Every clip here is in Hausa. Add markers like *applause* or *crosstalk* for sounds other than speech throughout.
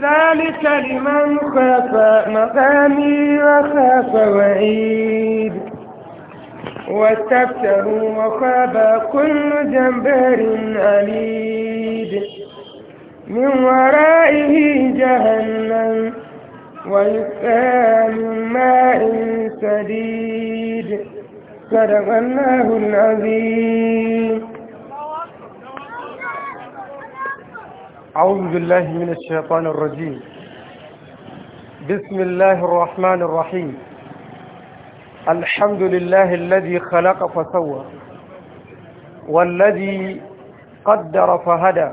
ذلك لمن خاف مقامي وخاف وعيد واستفتحوا وخاب كل جبار عنيد من ورائه جهنم ويسقى من ماء سديد صدق الله العظيم أعوذ بالله من الشيطان الرجيم بسم الله الرحمن الرحيم الحمد لله الذي خلق فسوى والذي قدر فهدى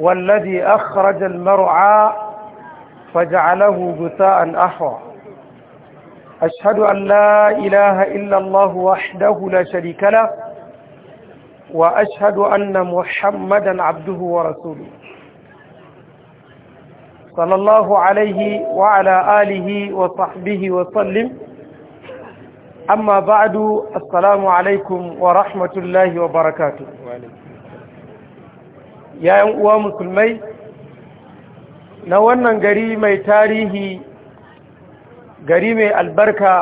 والذي أخرج المرعى فجعله جثاء أحوى أشهد أن لا إله إلا الله وحده لا شريك له واشهد ان محمدا عبده ورسوله صلى الله عليه وعلى اله وصحبه وسلم اما بعد السلام عليكم ورحمه الله وبركاته يا uwa musulmai na wannan gari mai tarihi gari mai albarka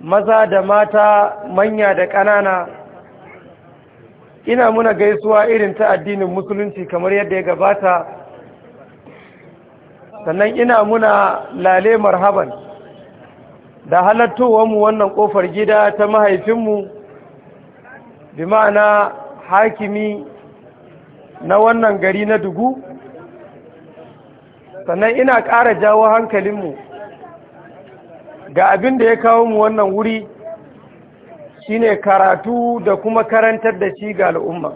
maza da mata manya da ƙanana ina muna gaisuwa irin ta addinin musulunci kamar yadda ya gabata sannan ina muna lale marhaban da halattowarmu wannan kofar gida ta mahaifinmu bi ma'ana hakimi na wannan gari na dugu sannan ina ƙara jawo hankalinmu ga abin da ya kawo mu wannan wuri shine karatu da kuma karantar da shi ga al'umma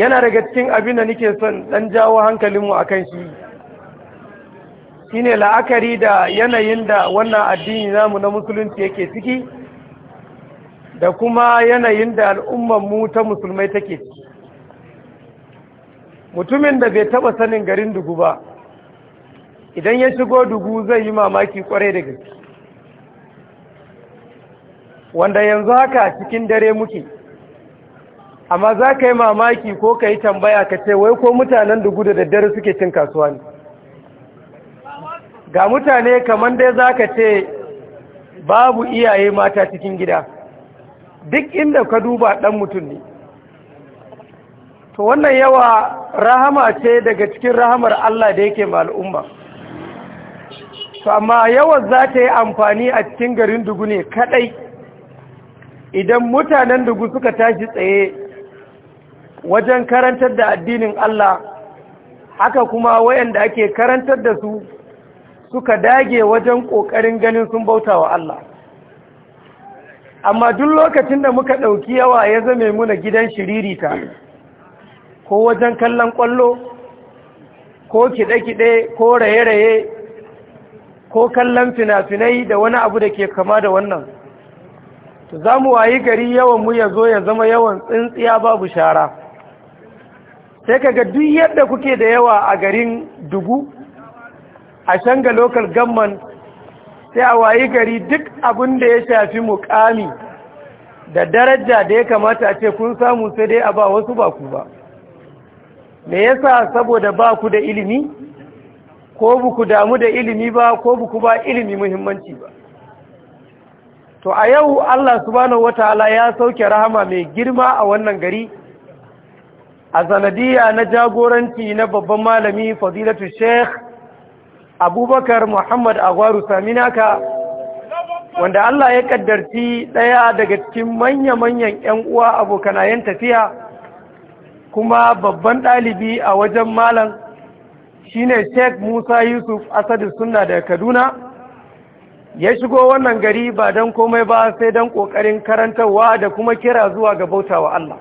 yana daga cikin abin da nake son dan jawo hankalinmu a kan shi shine la'akari da yanayin da wannan addini namu na musulunci yake ciki da kuma yanayin da al'ummanmu ta musulmai take ciki mutumin da bai taba sanin garin dugu ba idan ya shigo dugu zai yi mamaki kwarai da gaske wanda yanzu haka cikin dare muke amma za ka yi mamaki ko ka yi tambaya ka ce wai ko mutanen dugu da daddare suke cin kasuwa ne ga mutane kamar dai za ka ce babu iyaye mata cikin gida duk inda ka duba ɗan mutum ne to wannan yawa rahama ce daga cikin rahamar Allah da yake ma al'umma to amma yawan za ta yi amfani a cikin garin dugu ne kaɗai idan mutanen dugu suka tashi tsaye wajen karantar da addinin Allah haka kuma wayanda ake karantar da su suka dage wajen ƙoƙarin ganin sun bauta wa Allah amma duk lokacin da muka ɗauki yawa ya zame muna gidan shiririta ko wajen kallon ƙwallo ko kiɗe-kiɗe ko raye-raye ko kallon fina-finai da wani abu da ke kama da wannan za mu wayi gari yawan mu ya zo ya zama yawan tsintsiya babu shara sai kaga duk yadda kuke da yawa a garin dugu a shanga local government sai a wayi gari duk abin da ya shafi mukami da daraja da ya kamata a ce kun samu sai dai a ba wasu ba ku ba me yasa saboda ba ku da ilimi ko buku damu da ilimi ba ko ku ba ilimi muhimmanci ba to a yau Allah subhanahu wataala ya sauke rahama mai girma a wannan gari a sanadiya na jagoranci na babban malami fadilatu sheikh abubakar muhammad agwaru saminaka wanda Allah ya kaddarci ɗaya daga cikin manya-manyan 'yan uwa abokanayen tafiya kuma babban ɗalibi a wajen malam shine sheikh musa yusuf asadu sunna daga kaduna ya shigo wannan gari ba don komai ba sai don ƙoƙarin karantarwa da kuma kira zuwa ga wa Allah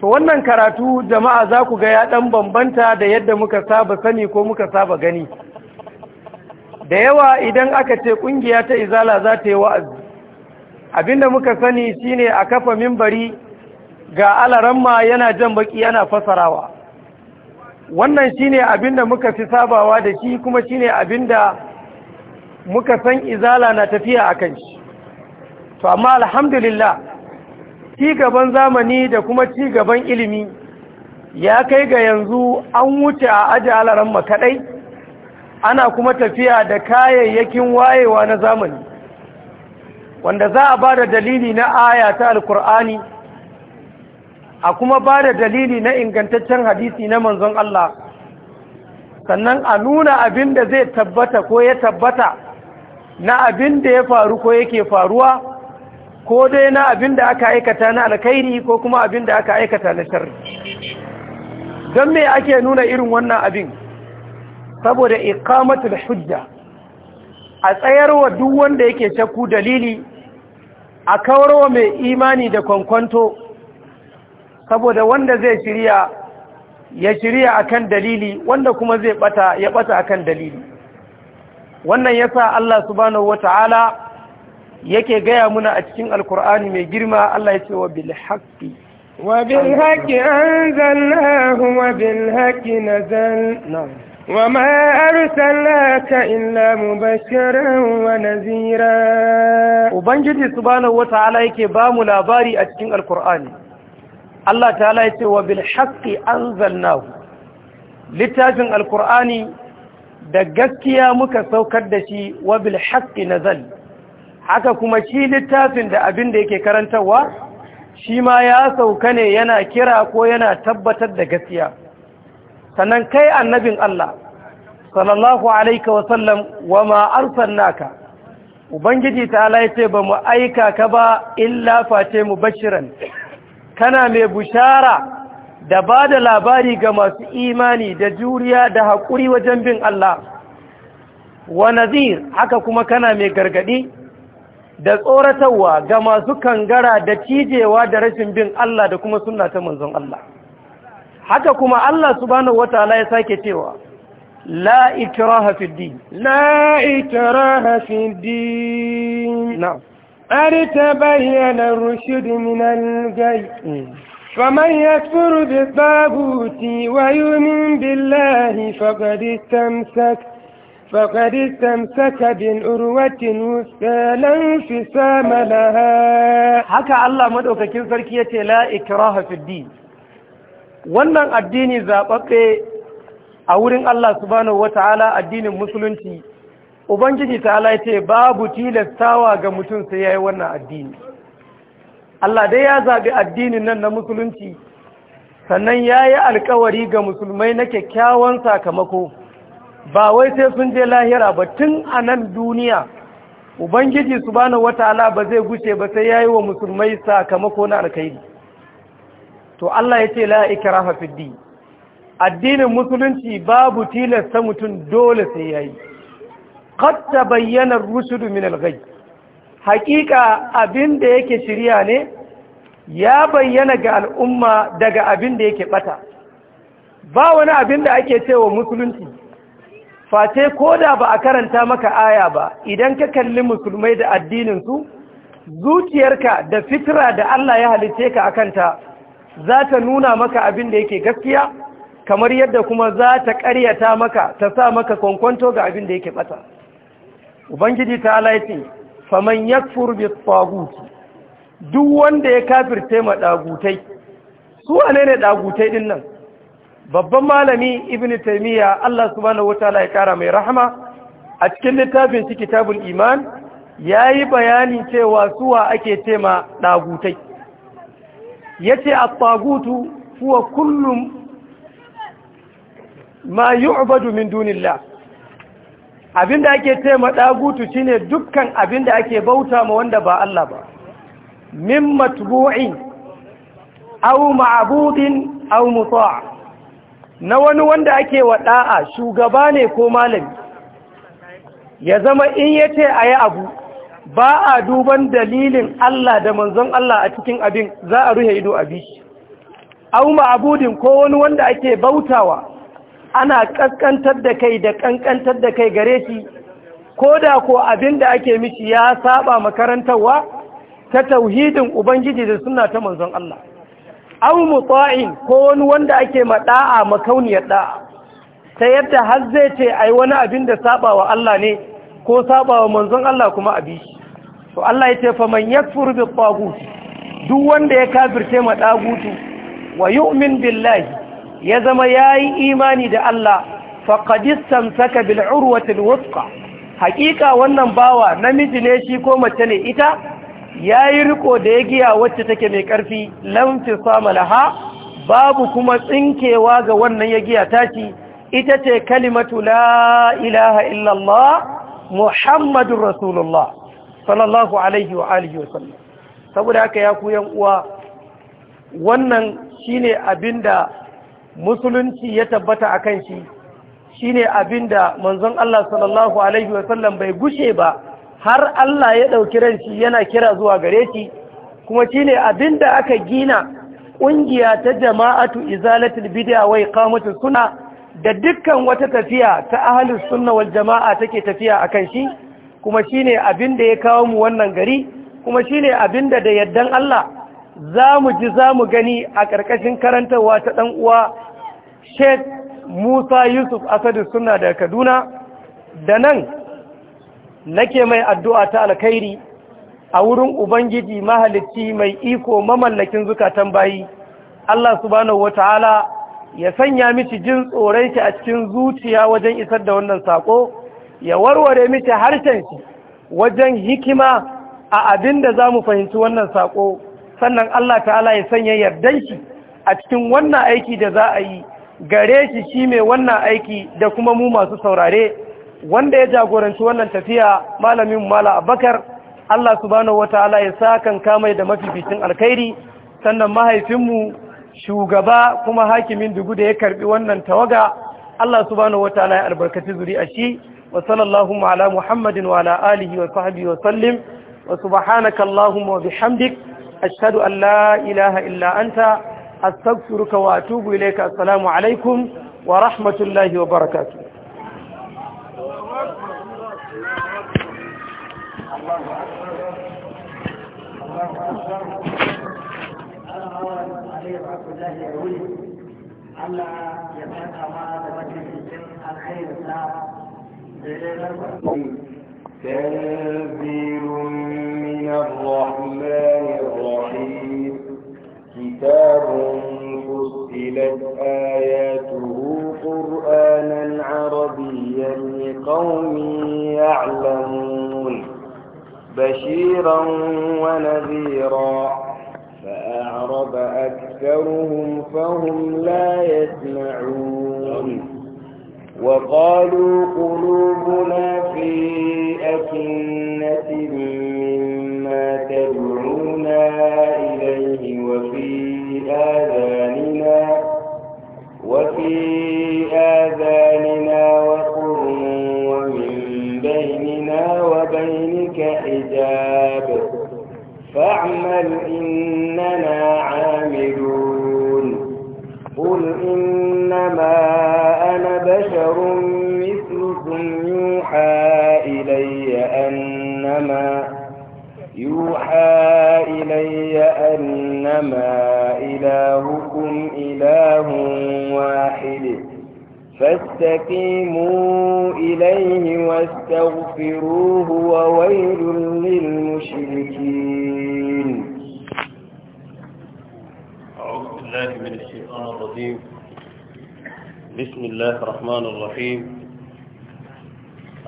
to wannan karatu jama'a za ku ga ya ɗan bambanta da yadda muka saba sani ko muka saba gani da yawa idan aka ce ƙungiya ta izala za ta yi wa'azi abinda muka sani shi ne a kafa mimbari ga alaramma yana jan baki yana fasarawa wannan shi shine abinda muka fi sabawa da shi kuma shi shine abinda muka san izala na tafiya a kan shi to amma alhamdulillah ci gaban zamani da kuma ci gaban ilimi ya kai ga yanzu an wuce a aji alaran makaɗai ana kuma tafiya da kayayyakin wayewa na zamani wanda za a ba da dalili na aya ta alkur'ani a kuma ba da dalili na ingantaccen hadisi na manzon Allah sannan a nuna abin da zai tabbata ko ya tabbata na abin da ya faru ko yake faruwa ko dai na abin da aka aikata na alkhairi ko kuma abin da aka aikata na sharri don me ake nuna irin wannan abin saboda iqamatul hujja a tsayarwa duk wanda yake shakku dalili a kawarwa mai imani da kwankwanto saboda wanda zai shirya ya shirya akan dalili wanda kuma zai bata ya bata akan dalili wannan ya sa Allah subhanahu wata'ala yake gaya muna a cikin alkur'ani mai girma Allah ya ce wa bilhaƙi. wa bilhaƙi haqqi anzalnahu wa bilhaƙi haqqi nazal wa ma arsalnaka illa mu bashiran wa nazira ubangiji subhanahu wata'ala yake ba mu labari a cikin alkur'ani Allah ta ya ce wa bilhaƙi haqqi anzalnahu littafin alkur'ani da gaskiya muka saukar da shi wa bil na nazal haka kuma shi littafin da abin da yake karantarwa shi ma ya sauka ne yana kira ko yana tabbatar da gaskiya sannan kai annabin Allah sallallahu alaihi wa sallam wa ma arsalnaka ubangiji ta yace ba mu aika ka ba illa mu bashiran. kana mai bushara da ba da labari ga masu imani da juriya da haƙuri wajen bin Allah wa nazir haka kuma kana mai gargaɗi da tsoratarwa ga masu kangara da cijewa da rashin bin Allah da kuma suna ta manzon Allah haka kuma Allah subhanahu wataala ya sake cewa la ikraha fid din la ikraha fid din na'am ar ta bayyana rushd min al فمن يكفر بالطاغوت ويؤمن بالله فقد استمسك فقد استمسك بالعروة الوثقى لا انفصام لها haka Allah madaukakin sarki yace la ikraha fid din wannan addini zababbe a wurin Allah subhanahu wataala addinin musulunci ubangiji ta'ala yace babu tilastawa ga mutum sai yayi wannan addini Allah dai ya zaɓi addinin nan na musulunci sannan ya yi alkawari ga musulmai na kyakkyawan sakamako ba wai sai sun je lahira ba tun a nan duniya ubangiji su wata ala ba zai gushe ba sai ya yi wa musulmai sakamako na alkhairi to Allah ya ce ikraha hafiddi addinin musulunci babu tilasta mutum dole sai yayi Kar ta bayyanar rushudu min al hakika abin da yake shirya ne ya bayyana ga al'umma daga abin da yake bata ba wani abin da ake cewa musulunci face ko da ba a karanta maka aya ba idan ka kalli musulmai da addininsu zuciyarka da fitira da Allah ya halice ka a kanta za ta nuna maka abin da yake gaskiya kamar yadda kuma za ta ƙaryata maka ta sa maka kwankwanto ga abin da yake bata ubangiji ta halaye faman yakfur bi taguti duk wanda ya kafirce ma dagutai su anene ne dagutai din nan babban malami ibn taymiya Allah subhanahu wataala ya kara mai rahama a cikin littafin shi kitabul iman yayi bayani cewa suwa ake tema dagutai yace at-tagutu huwa kullu ma yu'badu min dunillahi abinda ake ce ma dagutu shine dukkan abinda ake bauta ma wanda ba Allah ba min matbu'in aw ma'budin aw muta' na wani wanda ake wa shugaba ne ko malami ya zama in ya yace ayi abu ba a duban dalilin Allah da manzon Allah a cikin abin za a ruhe ido abi aw ma'budin ko wani wanda ake bautawa ana kaskantar da kai da ƙanƙantar da kai gare shi ko da ko abin da ake mishi ya saba makarantarwa ta tauhidin ubangiji da suna ta manzon Allah aw muta'in ko wani wanda ake mada'a makauniyar da'a ta yadda har zai ce ai wani abin da saba wa Allah ne ko saba wa manzon Allah kuma abi to Allah ya ce fa man yakfur bi ɓagu? duk wanda ya kafirce ma dagutu wa yu'min billahi ya zama ya yi imani da Allah faƙadistan saka bil'urwatin wuska haƙiƙa wannan bawa namiji ne shi ko mace ne ita ya yi riko da ya giya wacce take mai ƙarfi lamfi sama laha babu kuma tsinkewa ga wannan ya giya tashi ita ce kalimatu la ilaha illallah muhammadun rasulullah sallallahu alaihi wa alihi saboda haka ya ku yan uwa wannan shine abinda musulunci ya tabbata a kan shi shi ne abin da manzon Allah sallallahu Alaihi wasallam bai gushe ba har Allah ya ɗauki ranci yana kira zuwa gare shi kuma shi ne abin da aka gina ƙungiya ta jama'atu izalatul bid'a wai qamatu suna da dukkan wata tafiya ta ahlus sunna wal jama'a take tafiya akan shi kuma shi ne abin da ya kawo mu wannan gari kuma shi ne abin da da yardan Allah za mu ji za mu gani a ƙarƙashin karantarwa ta ɗan uwa sheikh musa yusuf asadu suna da kaduna da nan nake mai addu'a ta alkhairi a wurin ubangiji mahalicci mai iko mamallakin zukatan bayi allah subhanahu Ta'ala ya sanya miki jin tsoron shi a cikin zuciya wajen isar da wannan saƙo, ya warware miki harshen shi wajen hikima a abin da za mu fahimci wannan saƙo. sannan Allah ta'ala ya sanya yardan shi a cikin wannan aiki da za a yi gare shi shi mai wannan aiki da kuma mu masu saurare wanda ya jagoranci wannan tafiya malamin mala abakar Allah subhanahu wata'ala ya sa kan kamai da mafificin alkhairi sannan mahaifinmu shugaba kuma hakimin dugu da ya karbi wannan tawaga Allah subhanahu wata'ala ya albarkaci zuri'a shi wa sallallahu ala muhammadin wa ala alihi wa sahbihi wa sallim wa subhanaka allahumma wa bihamdik أشهد أن لا إله إلا أنت أستغفرك وأتوب إليك السلام عليكم ورحمة الله وبركاته Allah ya saka ma da majalisin alkhairinsa da ya تنزيل من الرحمن الرحيم كتاب فصلت آياته قرآنا عربيا لقوم يعلمون بشيرا ونذيرا فأعرض أكثرهم فهم لا يسمعون وقالوا قلوبنا في أكنة مما تدعونا إليه وفي آذاننا وفي آذاننا وقر ومن بيننا وبينك حجاب فاعمل إننا عاملون قل إنما أنا بشر مثلكم يوحى إلي أنما يوحى إلي أنما إلهكم إله واحد فاستقيموا إليه واستغفروه وويل للمشركين أعوذ بالله من الرجيم بسم الله الرحمن الرحيم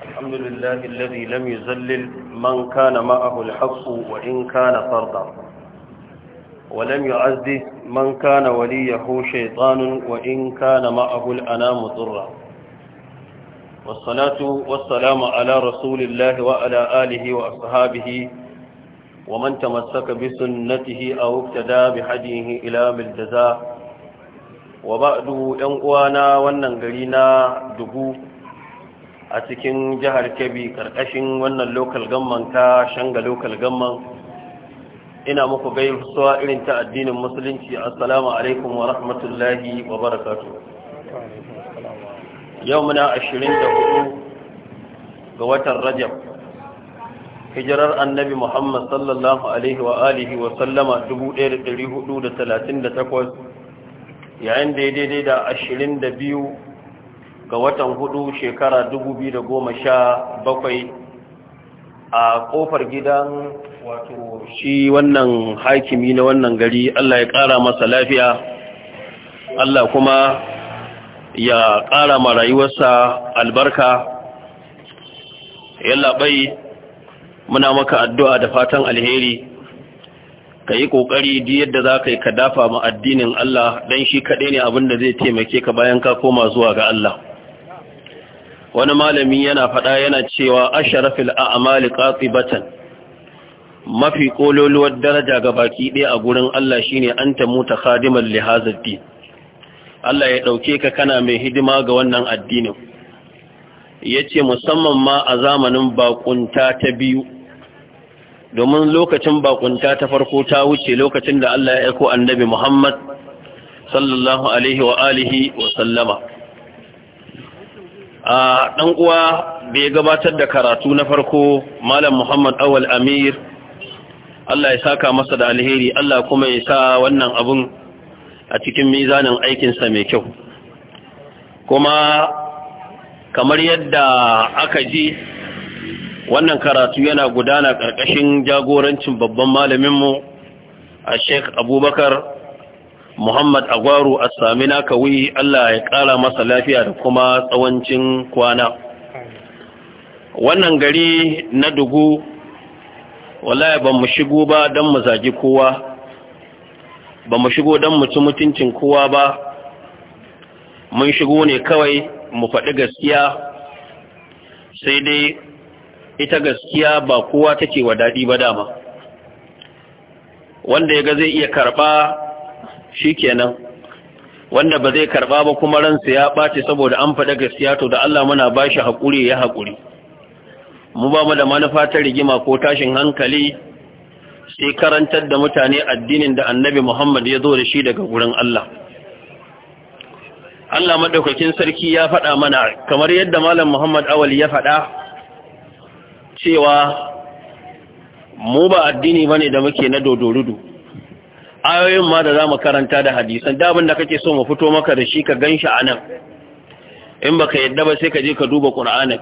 الحمد لله الذي لم يزلل من كان معه الحق وإن كان فردا ولم يعزه من كان وليه شيطان وإن كان معه الأنام ضرا والصلاة والسلام على رسول الله وعلى آله وأصحابه ومن تمسك بسنته أو اقتدى بحديه إلى بالجزاء wa ba'du yan uwana wannan gari na dubu a cikin jihar Kebbi karkashin wannan local government ta Shanga local government ina muku gaisuwa irin ta addinin musulunci assalamu alaikum wa rahmatullahi wa barakatu. yau muna 24 ga watan Rajab hijirar annabi Muhammad sallallahu alaihi wa alihi wa sallama 1438 yayin da ya daidai da ashirin da biyu ga watan hudu shekara dubu biyu da goma sha bakwai a kofar gidan wato shi wannan hakimi na wannan gari Allah ya kara masa lafiya Allah kuma ya kara ma rayuwarsa albarka yalla bai muna maka addu'a da fatan alheri ka yi ƙoƙari duk yadda za ka yi ka dafa mu addinin Allah don shi kaɗai ne abin da zai taimake ka bayan ka koma zuwa ga Allah wani malami yana faɗa yana cewa asharafil a'mali qatibatan mafi kololuwar daraja ga baki ɗaya a gurin Allah shine anta muta khadiman li din Allah ya ɗauke ka kana mai hidima ga wannan addinin yace musamman ma a zamanin baƙunta ta biyu domin lokacin bakunta ta farko ta wuce lokacin da Allah ya aiko annabi Muhammad sallallahu alaihi wa alihi wa sallama a dan uwa bai gabatar da karatu na farko malam Muhammad Awal Amir Allah ya saka masa da alheri Allah kuma ya sa wannan abun a cikin mizanin aikin sa mai kyau kuma kamar yadda aka ji wannan karatu yana gudana ƙarƙashin jagorancin babban malaminmu a sheik abubakar muhammad agwaru a samina kawai allah ya ƙara masa lafiya da kuma tsawancin kwana wannan gari na dugu wallahi ba mu shigo ba don mu zagi kowa ba mu shigo don mu ci mutuncin kowa ba mun shigo ne kawai mu faɗi gaskiya sai dai ita gaskiya ba kowa take wa daɗi ba dama wanda ya ga zai iya karba shi kenan wanda ba zai karɓa ba kuma ransa ya ɓace saboda an faɗa gaskiya to da Allah muna bashi shi haƙuri ya hakuri mu ba mu da manufa ta rigima ko tashin hankali sai karantar da mutane addinin da annabi Muhammad ya zo da shi daga wurin Allah Allah madaukakin sarki ya faɗa mana kamar yadda malam Muhammad Awali ya faɗa cewa mu ba addini bane da muke na dodorudu ayoyin ma da zamu karanta da hadisan da abin da kake so mu fito maka da shi ka ganshi anan in baka yadda ba sai ka je ka duba qur'anin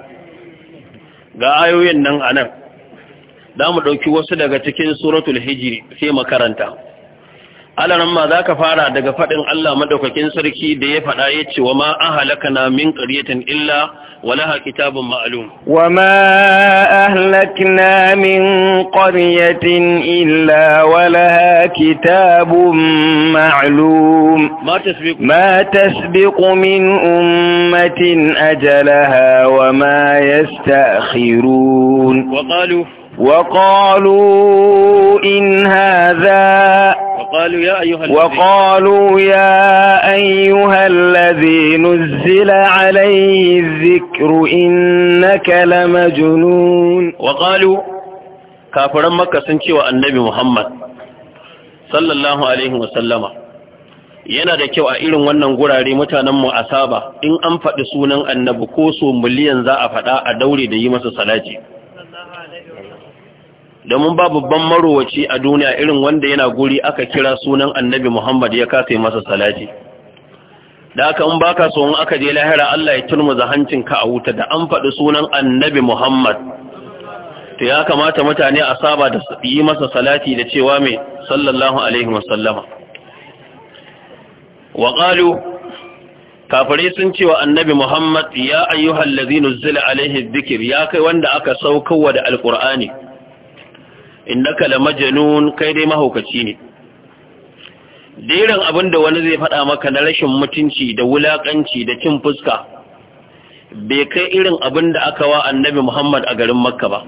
ga ayoyin nan anan zamu dauki wasu daga cikin suratul hijri sai karanta. alaran ma za ka fara daga faɗin Allah madaukakin sarki da ya faɗa ya ce wa ma ahalaka na min ƙaryatan illa walaha kitabun ma'alum wa ma ahlakna min ƙaryatin illa walaha kitabun ma'alum ma tasbiqu min ummatin ajalaha wa ma yasta'khirun wa qalu وقالوا إن هذا وقالوا يا أيها الذي, وقالوا يا أيها الذي نزل عليه الذكر إنك لمجنون وقالوا كافر مكة سنشي والنبي محمد صلى الله عليه وسلم yana da kyau a irin wannan gurare mutanenmu a saba in an faɗi sunan annabi ko so miliyan za a faɗa a daure da yi masa salati domin ba babban marowaci a duniya irin wanda yana guri aka kira sunan annabi Muhammad ya kafe masa salati da aka in baka so in aka je lahira Allah ya turmuza hancinka a wuta da an faɗi sunan annabi Muhammad to ya kamata mutane a saba da yi masa salati da cewa mai sallallahu alaihi wasallama wa qalu kafare sun cewa annabi Muhammad ya ayyuhal ladhina zila alaihi dhikr ya kai wanda aka saukowa da alqur'ani innaka la majnun kai dai mahaukaci ne deran abin da wani zai faɗa maka na rashin mutunci da wulaƙanci da cin fuska bai kai irin abin da aka wa annabi Muhammad a garin Makka ba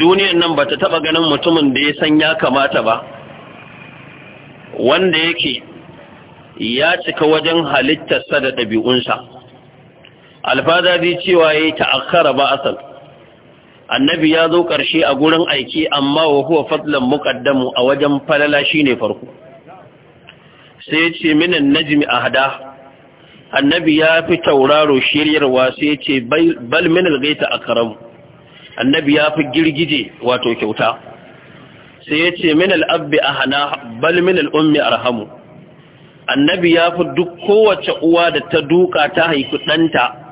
duniyar nan bata taba ganin mutumin da ya san ya kamata ba wanda yake ya cika wajen halittarsa da ɗabi'unsa alfada zai cewa ya yi ta'akkara ba asal annabi ya zo ƙarshe a gurin aiki amma wa huwa fadlan muqaddamu a wajen falala shine farko sai ya ce minan najmi ahda annabi ya fi tauraro shiryarwa sai ya ce bal min a karamu. annabi ya fi girgije wato kyauta sai ya ce min al'abbi ahana bal min al'ummi arhamu annabi ya fi duk kowace uwa da ta duka ta haifi ɗanta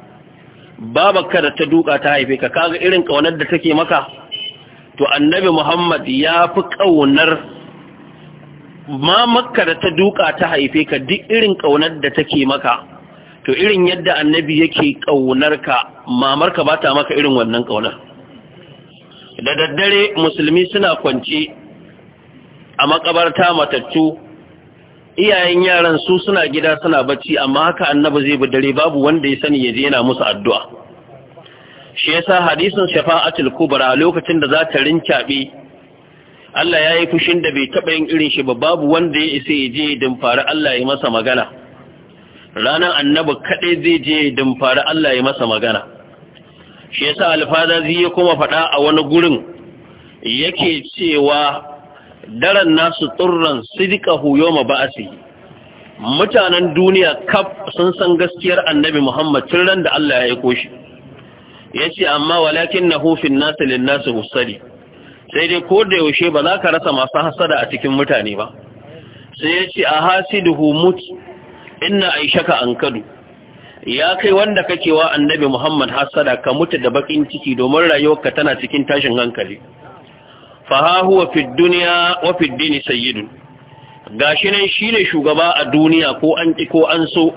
babarka da ta duka ta haife ka kaga irin kaunar da take maka to annabi Muhammad ya fi kaunar makka da ta duka ta haife ka duk irin kaunar da take maka to irin yadda annabi yake kaunar ka mamarka ba ta maka irin wannan kaunar da daddare musulmi suna kwance a makabarta matattu iyayen yaran su suna gida suna bacci amma haka annabi zai bi dare babu wanda ya sani yaje yana musu addu'a shi yasa hadisin shafa'atul kubra lokacin da za ta rinkabe Allah ya yi fushin da bai taba yin irin shi ba babu wanda ya isa ya je ya Allah ya masa magana ranan annabi kaɗai zai je ya Allah ya masa magana shi yasa alfada zai ya kuma faɗa a wani gurin yake cewa daren nasu turran sidikahu yawma ba'asi mutanen duniya kaf sun san gaskiyar annabi Muhammad tun ran da Allah ya aiko shi yace amma na fin nas lin nas husali sai dai ko da yaushe ba za ka rasa masu hasada a cikin mutane ba sai yace a hasiduhu mut inna aishaka kadu. ya kai wanda kake wa annabi Muhammad hasada ka mutu da bakin ciki domin rayuwarka tana cikin tashin hankali Fahahu fi duniya wa fi dini sayyidun shi nan shine shugaba a duniya ko an ki ko an so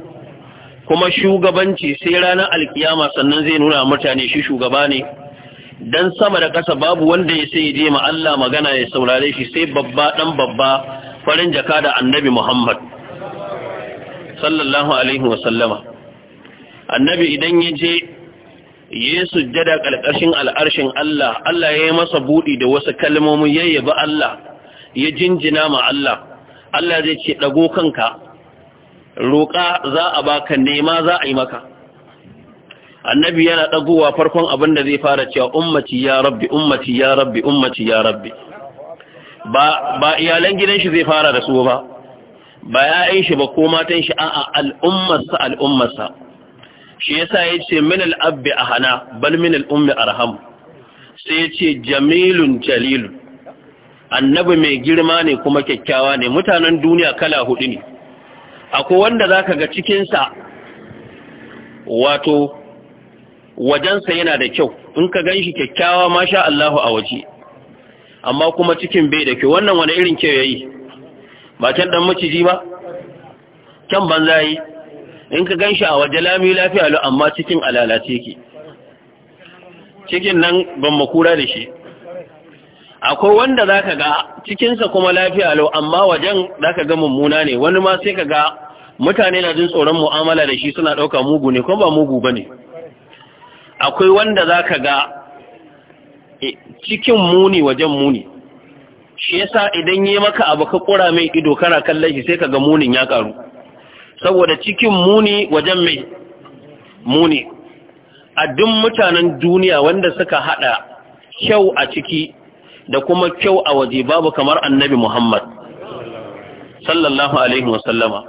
kuma shugabanci sai ranar alkiyama sannan zai nuna mutane shi shugaba ne dan sama da ƙasa babu wanda ya sai je ma Allah magana ya saurare shi sai babba dan babba farin jaka da annabi Muhammad sallallahu alaihi wa sallama annabi idan ya je Yesu jada ƙarƙashin al'arshin Allah Allah ya yi masa buɗi da wasu kalmomin yayyabi Allah ya jinjina ma Allah Allah zai ce ɗago kanka roƙa za a baka nema za a yi maka annabi yana ɗagowa farkon abin da zai fara cewa ummaci ya rabbi ummaci ya rabbi ummaci ya rabbi ba ba iyalan gidan shi zai fara da su ba ba ya'yan shi ba ko matan shi a'a al'ummarsa al'ummarsa shi yasa ce min al'abbi a hana bal min al'ummi ummi arham sai ce jamilun jalilun annabi mai girma ne kuma kyakkyawa ne mutanen duniya kala hudu ne akwai wanda za ka ga cikinsa wato wajensa yana da kyau in ka ganshi kyakkyawa masha Allahu a waje amma kuma cikin bai da kyau wannan wani irin kyau yayi ba can dan maciji ba kyan banza yi in ka gan shi a waje lami lafiya lo amma cikin alalace ke cikin nan ban makura da shi akwai wanda za ka ga cikinsa kuma lafiya lo amma wajen za ka ga mummuna ne wani ma sai ka ga mutane na jin tsoron mu'amala da shi suna ɗauka mugu ne kuma ba mugu ba ne akwai wanda za ka ga e, cikin muni wajen muni shi yasa idan yi maka abu ka kura mai ido kana kallon shi sai ka ga munin ya ƙaru saboda cikin muni wajen mai muni a duk mutanen duniya wanda suka hada kyau a ciki da kuma kyau a waje babu kamar annabi Muhammad sallallahu alaihi wasallama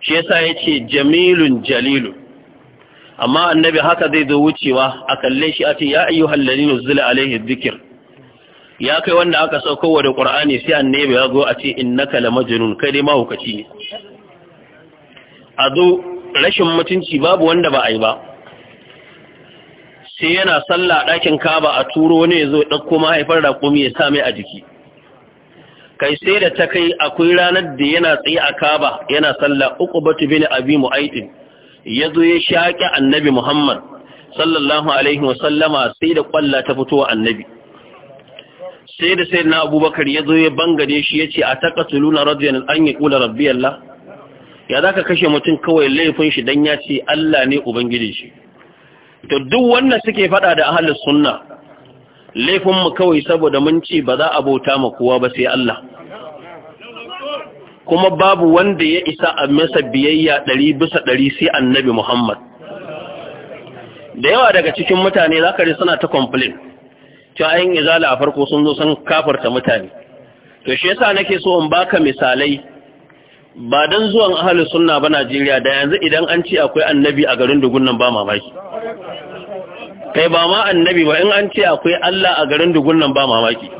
shi yasa yace jamilun jalilu amma annabi haka zai zo wucewa a kalle shi a ce ya ayyuhal ladina zula alaihi dhikr ya kai wanda aka sauko wa da qur'ani sai annabi ya zo a ce innaka lamajnun kai dai mahaukaci ne a zo rashin mutunci babu wanda ba a yi ba sai yana sallah ɗakin kaba a turo ne zo ɗauko mahaifar raƙumi ya same a jiki kai sai da ta kai akwai ranar da yana tsaye a kaba yana sallah uku batu bin abi mu'aidin ya zo ya shaƙi annabi muhammad sallallahu alaihi wasallama sai da ƙwalla ta fito wa annabi sai da sai na abubakar ya zo ya bangare shi ya ce a taƙa tuluna radiyan an yi ƙula rabbi Allah ya za ka kashe mutum kawai laifin shi don ya ce Allah ne Ubangiji shi to duk wannan suke faɗa da ahalin sunna laifinmu kawai saboda mun ce ba za a bauta mu kowa ba sai Allah kuma babu wanda ya isa a masa biyayya ɗari bisa ɗari sai annabi Muhammad da yawa daga cikin mutane za ka ji suna ta complain cewa ayin izala a farko sun zo sun kafarta mutane to shi yasa nake so in baka misalai ba don zuwan ahalin sunna ba Najeriya da yanzu idan an ce akwai annabi a garin dugun nan ba mamaki kai ba ma annabi ba in an ce akwai Allah a garin dugun nan ba mamaki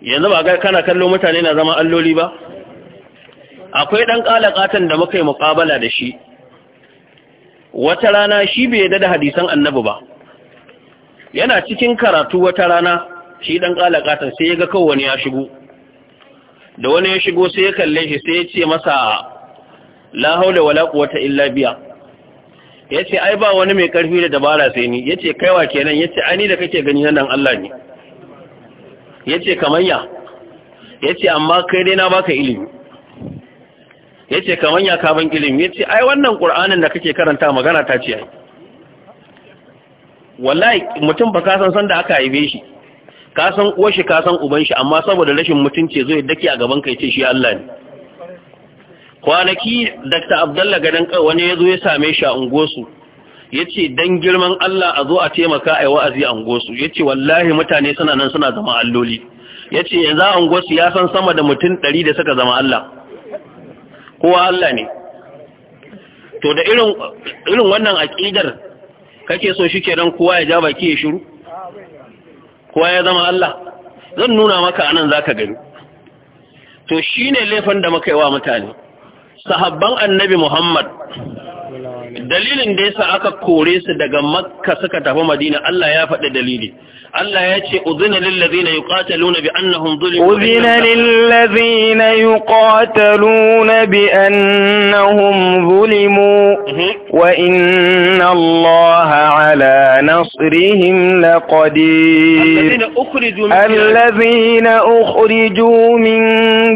yanzu ba ga kana kallo mutane na zama alloli ba akwai ƙala kalakatan da muka yi muƙabala da shi wata rana shi bai yadda da hadisan annabi ba yana cikin karatu wata rana shi ƙala kalakatan sai ya ga kawo wani ya shigo da wani ya shigo sai ya kalle shi sai ya ce masa la haula wala quwwata illa biya yace ai ba wani mai karfi da dabara sai ni yace kaiwa kenan yace ai ni da kake gani nan Allah ne yace kamanya yace amma kai dai na baka ilimi yace kamanya ka ban ilimi yace ai wannan Qur'anin da kake karanta magana ta ce ai wallahi mutum ba ka san san da aka haife shi ka san uwar shi ka san uban shi amma saboda rashin mutunci zai dake a gaban kai ce shi Allah ne kwanaki Dr. Abdalla gadan wani yazo ya same shi a ungosu yace dan girman Allah a zo a taimaka ai wa'azi a ungosu yace wallahi mutane suna nan suna zama alloli yace yanzu a ungosu ya san sama da mutum 100 da suka zama Allah kowa Allah ne to da irin irin wannan aqidar kake so shi shikenan kowa ya ja baki ya shiru kowa ya zama Allah zan nuna maka anan za ka gani to shi ne laifin da muka yi wa mutane sahabban annabi Muhammad dalilin da yasa aka kore su daga makka suka tafi madina Allah ya faɗi dalili Allah ya ce uzina lil ladina yuqataluna bi annahum zulimu uzina lil ladina yuqataluna bi annahum zulimu wa inna mhm. Allah ala nasrihim laqadir alladhina ukhriju min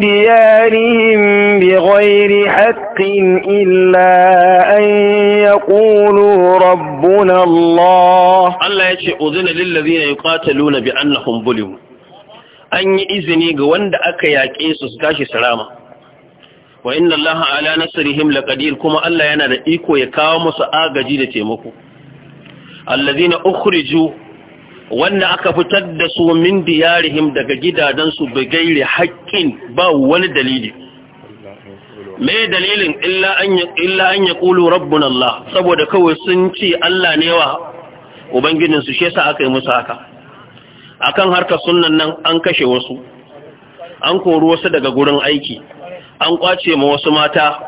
diyarihim bighayri haqqin illa an Ina ƙulu rabbu na Allah. Allah ya ce Udunnalillahi na ya ƙwata lunabi Anahimbulu. An yi izini ga wanda aka yaƙi su gashi su rama. Wa innallahu kuma Allah yana da iko ya kawo masu agaji da taimako. Alladhina Uhuraju, wanda aka fitar da su mindiya ruhim daga gidajensu bai gaure haƙƙin ba wani dalili. me dalilin illa an ya ƙulu rabbin Allah saboda kawai sun ce Allah ne wa Ubangijinsu shi yasa aka yi musu haka akan harkar sunan nan an kashe wasu an kori wasu daga gurin aiki an kwace ma wasu mata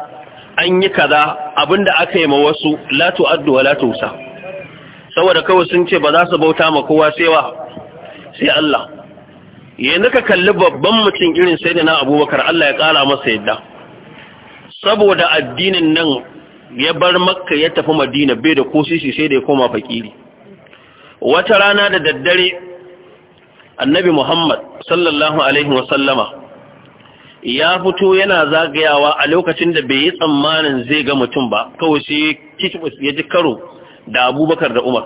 an yi kaza abinda aka yi ma wasu latu addu wa latu sa saboda kawai sun ce ba za su bauta ma kowa sai wa sai Allah yanzu ka kalli babban mutum irin sai da na abubakar Allah ya kara masa yadda saboda addinin nan ya bar makka ya tafi madina bai da ko sai da ya koma fakiri wata rana da daddare annabi muhammad sallallahu alaihi wasallama ya fito yana zagayawa a lokacin da bai yi tsammanin zai ga mutum ba kawai sai ya ji karo da abubakar da umar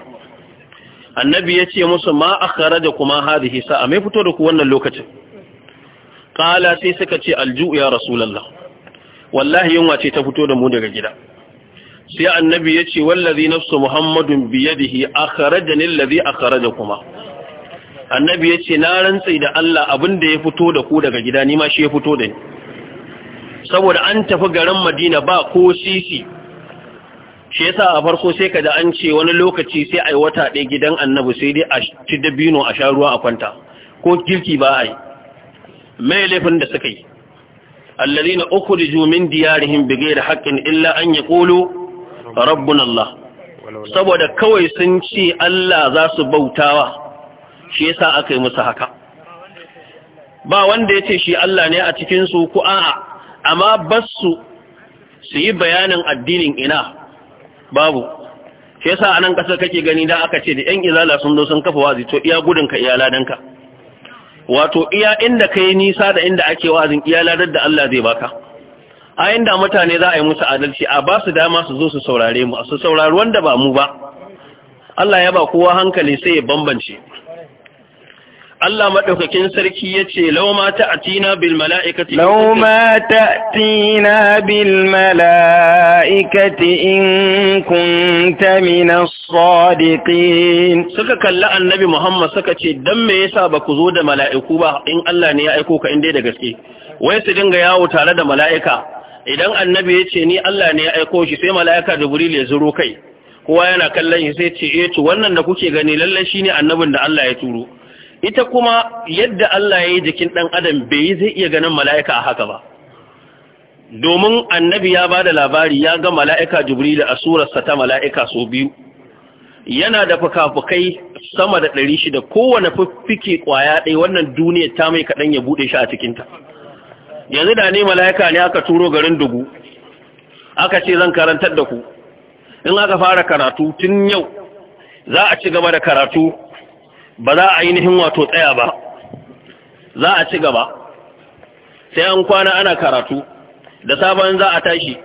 annabi ya ce musu ma akhara da kuma hisa, a mai fito da ku wannan lokacin Ƙala sai suka ce alju ya rasulullah wallahi yunwa ce ta fito da mu daga gida sai annabi ya ce wallazi nafsu muhammadun biyadihi akharajani allazi akharajakuma annabi ya ce na rantsi da Allah abin da ya fito da ku daga gida ni ma shi ya fito da ni saboda an tafi garin Madina ba ko sisi shi yasa a farko sai ka da an ce wani lokaci sai ai wata ɗaya gidan annabi sai dai a ci dabino a sha ruwa a kwanta ko girki ba ai mai laifin da suka yi alladhina ukhriju min diyarihim da haqqin illa an yaqulu rabbuna Allah saboda kawai sun ce Allah za su bautawa shi yasa aka yi musu haka ba wanda ya ce shi Allah ne a cikin su ku a'a amma basu su yi bayanin addinin ina babu shi yasa anan kasar kake gani da aka ce da yan izala sun zo sun kafa wazi to iya gudunka iya ladanka wato iya inda ka yi nisa da inda ake wa'azin iya ladar da Allah zai baka a inda mutane za a yi musu adalci a ba su dama su zo su saurare mu su saurari wanda ba mu ba Allah ya ba kowa hankali sai ya bambance Allah maɗaukakin sarki ya ce, Lauma ta Tina bil mala'ikati. Lauma ta atina bil mala'ikati in kunta mina sadiqin. Suka kalli annabi Muhammad suka ce, Don me yasa ba ku zo da mala'iku ba in Allah ne ya aiko ka inda da gaske, wai su dinga yawo tare da mala'ika. Idan annabi ya ce, Ni Allah ne ya aiko shi sai mala'ika da wuri ya zuro kai. Kowa yana kallon shi sai ce, Eh, wannan da kuke gani lallai shi ne annabin da Allah ya turo. ita kuma yadda Allah ya yi jikin ɗan adam bai yi zai iya ganin mala'ika a haka ba domin annabi ya ba da labari ya ga mala'ika jibril a surarsa ta mala'ika sau biyu yana da fuka sama da ɗari shida kowane fiffike ƙwaya ɗaya wannan duniya ta mai kaɗan ya buɗe shi a cikinta yanzu da ne mala'ika ne aka turo garin dubu aka ce zan karantar da ku in aka fara karatu tun yau za a ci gaba da karatu ba za a ainihin wato tsaya ba za a ci gaba sai an kwana ana karatu da sabon za a tashi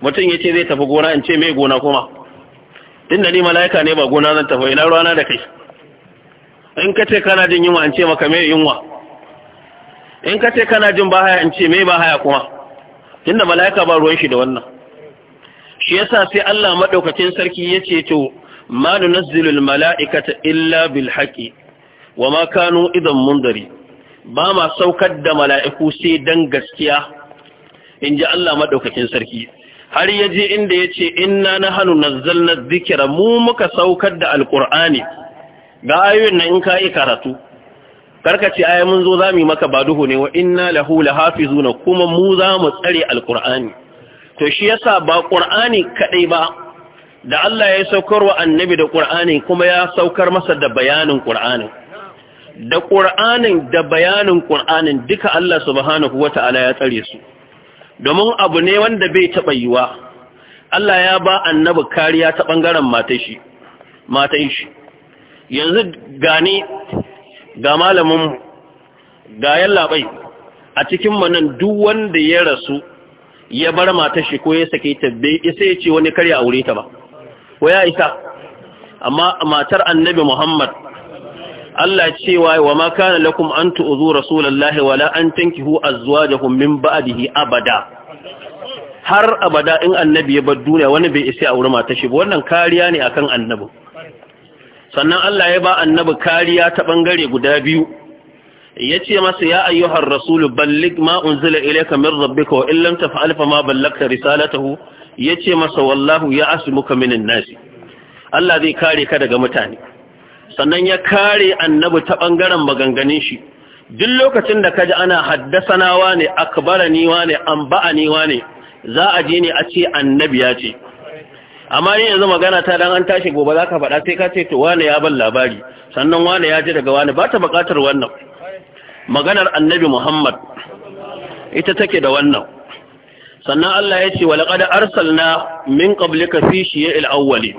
mutum ya ce zai tafi gona in ce mai gona kuma tun da ni mala'ika ne ba gona zan tafi ina rana da kai in ka ce kana jin yunwa in ce maka mai yunwa in ka ce kana jin bahaya in ce mai bahaya kuma tun da mala'ika ba ruwan shi da wannan shi yasa sai Allah madaukakin sarki ya ce to ma nunazzilu mala'ikata illa bil haqqi wa ma kanu idan mundari ba ma saukar da mala'iku sai dan gaskiya inji Allah madaukakin sarki har yaje inda yace inna nahnu nazzalna dhikra mu muka saukar da alqur'ani ga ayoyin nan in kai karatu karkace ce mun zo zamu maka baduhu ne wa inna lahu lahafizuna kuma mu zamu tsare alqur'ani to shi yasa ba qur'ani kadai ba da Allah ya saukar wa annabi da ƙur'ani kuma ya saukar masa da bayanin ƙur'ani da ƙur'anin da bayanin ƙur'anin duka Allah subhanahu wata'ala ya tsare su domin abu ne wanda bai taɓa yiwa Allah ya ba annabi kariya ta ɓangaren matashi matan shi yanzu gani ga malamin ga yallaɓai a cikin manan duk wanda ya rasu ya bar matashi ko ya sake ta bai isa ya ce wani karya aure ta ba Waya ya isa amma matar annabi Muhammad Allah ce wa ma kana lakum an tu'zu rasulullahi wala an tankihu azwajahum min ba'dihi abada har abada in annabi ya bar duniya wani bai isa aure mata shi wannan kariya ne akan annabi sannan Allah ya ba annabi kariya ta bangare guda biyu yace masa ya ayyuhar rasul balligh ma unzila ilayka min rabbika wa illam taf'al fa ma ballagta risalatahu ya ce masa wallahu ya asmuka minin nasi Allah zai kare ka daga mutane sannan ya kare annabi ta ɓangaren maganganin shi duk lokacin da ka ji ana haddasanawa ne akbaraniwa ne amba'aniwa ne za a je ne a ce annabi ya ce amma yanzu magana ta dan an tashi gobe za ka faɗa sai ka ce to wane ya ban labari sannan wane ya ji daga wane ba ta buƙatar wannan maganar annabi muhammad ita take da wannan sannan Allah ya ce wa arsal na min qablika fi ya il'awwali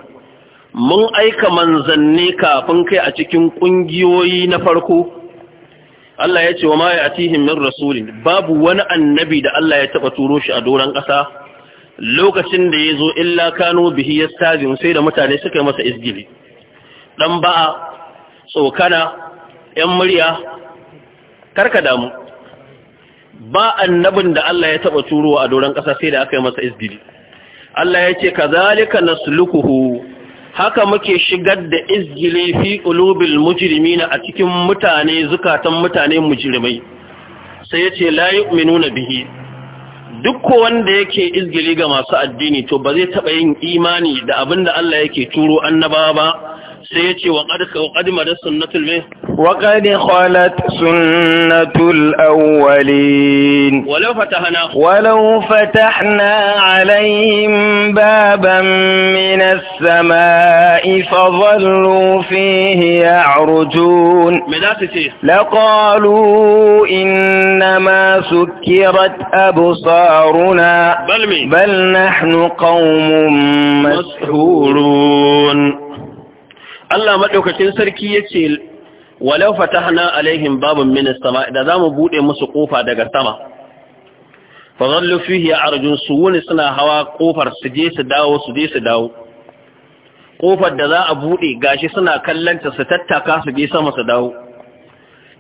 mun aika manzanni kafin kai a cikin ƙungiyoyi na farko Allah ya ce wa ma ya'tihim min rasulin babu wani annabi da Allah ya taɓa turo shi a doron ƙasa lokacin da ya zo illa Kano bihi yastajin sai da mutane suka yi masa isgili dan ba'a tsokana yan murya karka damu ba annabin da Allah ya taba turowa a doron ƙasa sai da aka yi masa izgili Allah ya ce kazalika nasluquhu haka muke shigar da izgili fi qulubil mujrimina a cikin mutane zukatan mutane mujrimai sai ya ce la yu'minuna bihi duk wanda yake izgili ga masu addini to ba zai taba yin imani da abinda Allah yake turo annaba ba سيتي وقد وقد مدى سنة المه وقد خلت سنة الأولين ولو فتحنا ولو فتحنا عليهم بابا من السماء فظلوا فيه يعرجون لقالوا إنما سكرت أبصارنا بل, بل نحن قوم مسحورون Allah madaukakin sarki yace walau fatahna alaihim baban Minista, as da da zamu buɗe musu kofa daga sama fa zallu fihi arjun suwun suna hawa kofar su je su dawo su je su dawo kofar da za a bude gashi suna kallanta su tattaka su je sama su dawo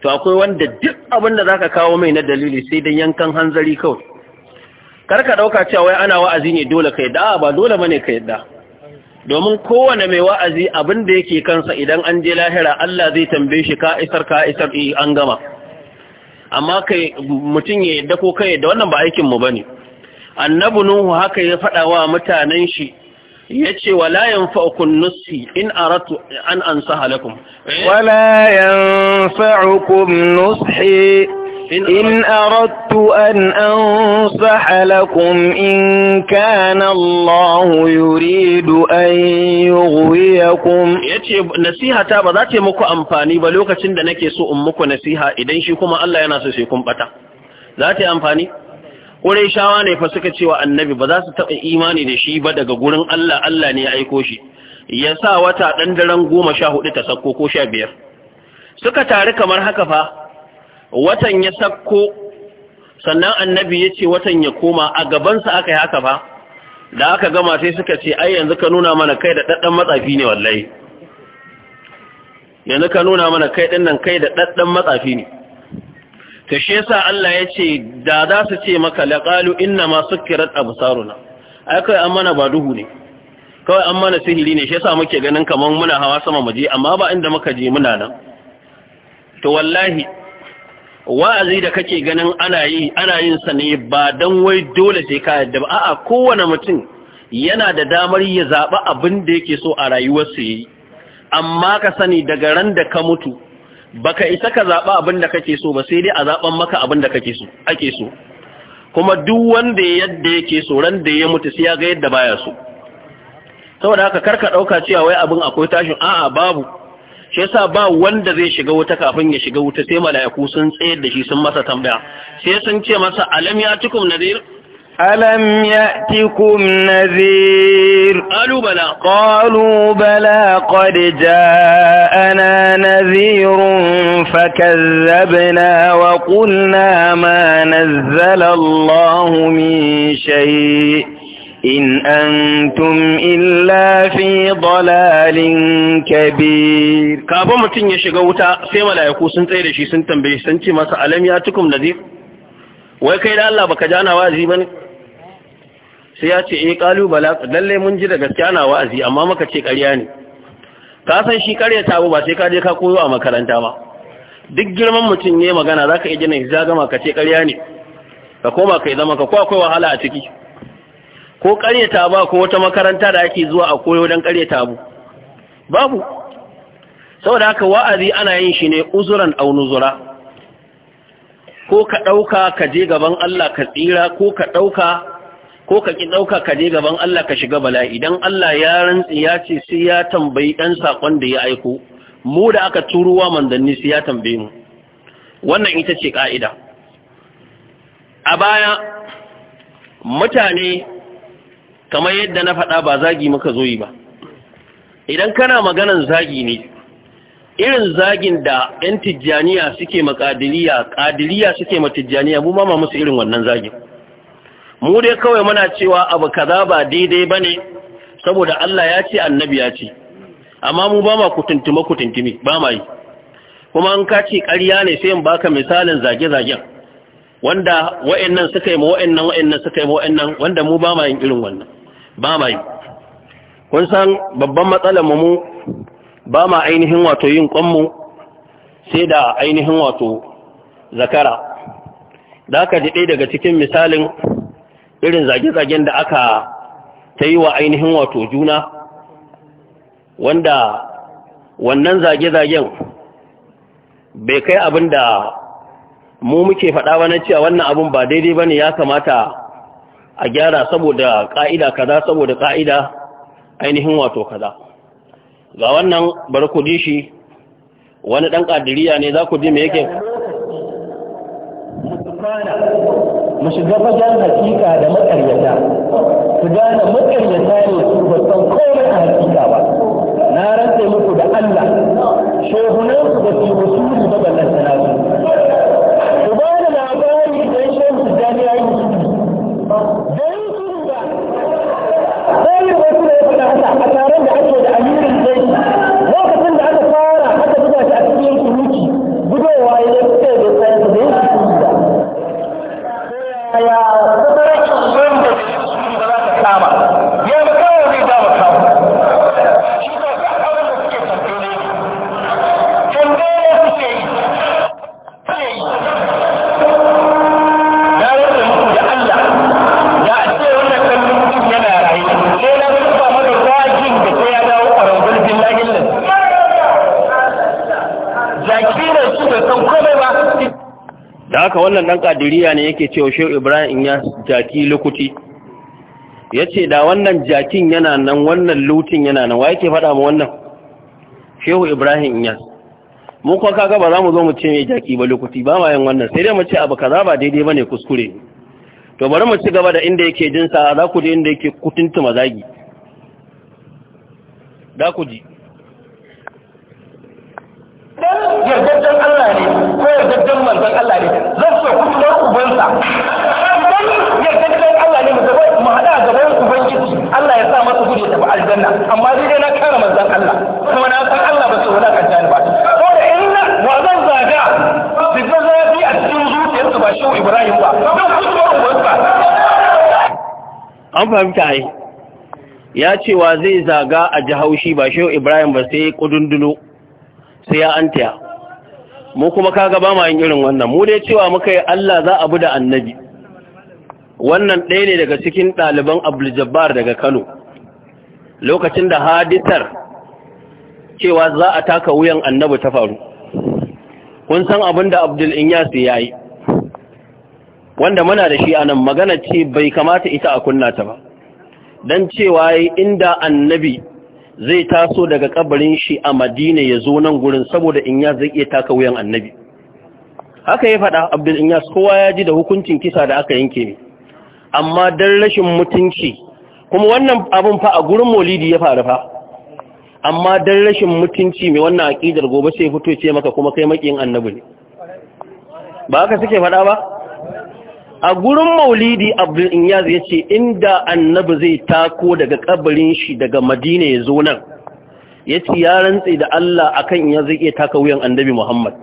to akwai wanda duk abin da zaka kawo mai na dalili sai dan yankan hanzari kawai Kar ka ɗauka cewa wai ana wa'azi ne dole kai da ba dole bane kai da domin kowane mai wa'azi abin da yake kansa idan an je lahira Allah zai tambaye shi kaisar kaisar ka eh, an gama amma kai mutum ya yadda ko kai da wannan ba aikinmu ba ne. annabi nuhu haka ya faɗa wa mutanen shi Ya yace wala yanfa'ukum nussi in a ratu an halakun wa wala yanfa'ukum nussi إن أردت أن أنصح لكم إن كان الله يريد أن يغويكم ba za ta muku amfani ba lokacin da nake so in muku nasiha idan shi kuma Allah yana so kun bata za ta yi amfani shawa ne fa suka cewa annabi ba za su taɓa imani da shi ba daga gurin Allah Allah ne ya aiko shi ya sa wata ɗan daren goma sha hudu ta sakko ko sha biyar suka tare kamar haka fa watan ya sakko sannan annabi ya ce watan ya koma a gabansa aka yi haka ba da aka gama sai suka ce ai yanzu ka nuna mana kai da ɗaɗɗan matsafi ne wallahi yanzu ka nuna mana kai ɗin nan kai da ɗaɗɗan matsafi ne ta shi yasa Allah ya ce da za su ce maka laƙalu inna ma abu saruna ai kai an mana ba duhu ne kawai an mana sihiri ne shi yasa muke ganin kamar muna hawa sama muje amma ba inda muka je muna nan to wallahi wa'azi da kake ganin ana yi ana yin sa ne ba dan wai dole sai ka yadda ba a'a kowane mutum yana da damar ya zaɓi abin da yake so a rayuwarsa yayi amma ka sani daga ran da ka mutu baka isa ka zaɓa abin da kake so ba sai dai a zaɓan maka abin da kake so ake so kuma duk wanda yadda yake so ran da ya mutu sai ya ga yadda baya so saboda haka kar ka ɗauka cewa wai abin akwai tashin a'a babu shi yasa ba wanda zai shiga wuta kafin ya shiga wuta sai mala'iku sun tsayar da shi sun masa tambaya sai sun ce masa alam ya tukum nadir alam ya'tikum nadhir qalu bala qalu bala qad ja'ana nadhirun fakazzabna wa qulna ma nazzala Allahu min shay' إن أنتم إلا في ضلال كبير كابو متين يشيغا وتا سي ملائكو سن تsaye da shi sun tambaye sun ce masa alam ya tukum nadir wai kai da Allah baka ji ana wa'azi bane sai ya ce eh qalu bala mun ji da gaskiya ana wa'azi amma maka ce ƙarya ne ka san shi ƙarya ta ba sai ka je ka koyo a makaranta ba duk girman mutum yayi magana zaka iya jin ya gama ka ce ƙarya ne ka koma kai zama ka ko akwai wahala a ciki ko ta ba ko wata makaranta da ake zuwa a koyo don ta mu, babu saboda haka wa'azi ana yin shi ne uzuran au nuzura ko ka ɗauka ka je gaban Allah ka tsira ko ka ɗauka ko ka ƙi ɗauka ka je gaban Allah ka shiga bala'i idan Allah ya rantsi ya ce sai ya tambayi ɗan saƙon da ya aiko mu da aka turuwa mandanni sai ya tambaye mu wannan ita ce ƙa'ida a baya mutane kamar yadda na faɗa ba zagi muka zo yi ba idan kana maganan zagi ne irin zagin da 'yan tijjaniya suke makadiliya kadiliya suke matijjaniya mu ma musu irin wannan zagin mu dai kawai muna cewa abu kaza ba daidai ba ne saboda Allah ya ce annabi ya ce amma mu ba ma kutuntuma kutuntumi ba ma yi kuma an kaci ƙarya ne sai in baka misalin zage-zagen wanda wa'annan suka yi ma wa'annan wa'annan suka yi ma wa'annan wanda mu ba ma yin irin wannan ba ma yi kun san babban matsalar mu ba ma ainihin wato yin mu sai da ainihin wato zakara da aka ji ɗaya daga cikin misalin irin zage-zagen da aka ta yi wa ainihin wato juna wanda wannan zage-zagen bai kai abin da mu muke faɗa wani na cewa wannan abin ba daidai ba ne ya kamata a gyara saboda ƙa'ida kaza saboda ƙa'ida ainihin wato kaza ga wannan ji shi wani ɗan ƙadiriya ne za ku ji mai yake mu su da Allah su ba musuli ba nan sana su ba da labari idan shehu su jami'a zaitun da tsarin wasu da ya faɗa haka a taron da ake da amirin zai lokacin da aka fara aka buga shi a cikin kuliki gudowa ya wannan dan kadiriya ne yake cewa shehu ibrahim ya jaki lokuti ya ce da wannan jakin yana nan wannan lutin yana nan wa yake faɗa ma wannan shehu ibrahim ya mu kuwa kaga ba za mu zo mu ce mai jaki ba lokuti ba ma yin wannan sai dai mu ce abu kaza ba daidai ba ne kuskure to bari mu ci gaba da inda yake jinsa za ku je inda yake kutuntuma zagi da ku ji dan yardajjen Allah ne ko yardajjen manzon Allah ne zan so ku ubansa dan yardajjen Allah ne mu gaba mu hada gaban ubangiji Allah ya sa masa gudu ta aljanna amma ni dai na kare manzon Allah kuma na san Allah ba su wala kanta ba saboda inna wa zan zaga bi zafi a cikin zuciyarsu ba shi Ibrahim ba dan kusuwa ubansa an fahimta ai ya ce wa zai zaga a jihaushi ba shi Ibrahim ba sai kudundulo sai ya antaya mu kuma kaga ba ma yin irin wannan mu dai cewa muka yi Allah za a bi da annabi wannan ɗaya ne daga cikin ɗaliban abdul-jabbar daga Kano lokacin da hadisar cewa za a taka wuyan annabi ta faru kun san abin da abdul inyas ya yi wanda muna da shi anan magana ce bai kamata ita a kunna ta ba dan cewa inda annabi zai taso daga kabarin shi a madina ya zo nan gurin saboda inya zai iya taka wuyan annabi haka ya faɗa abdul inyas kowa ya ji da hukuncin kisa da aka yanke ne amma don rashin mutunci kuma wannan abin fa a gurin molidi ya faru fa amma don rashin mutunci mai wannan aƙidar gobe sai fito ce maka kuma kai maƙin annabi ne ba haka suke faɗa ba a gurin maulidi abdul inyaz ya ce inda annabi zai tako daga kabarin shi daga madina ya zo nan ya ce ya rantse da allah akan ya zai iya taka wuyan annabi muhammad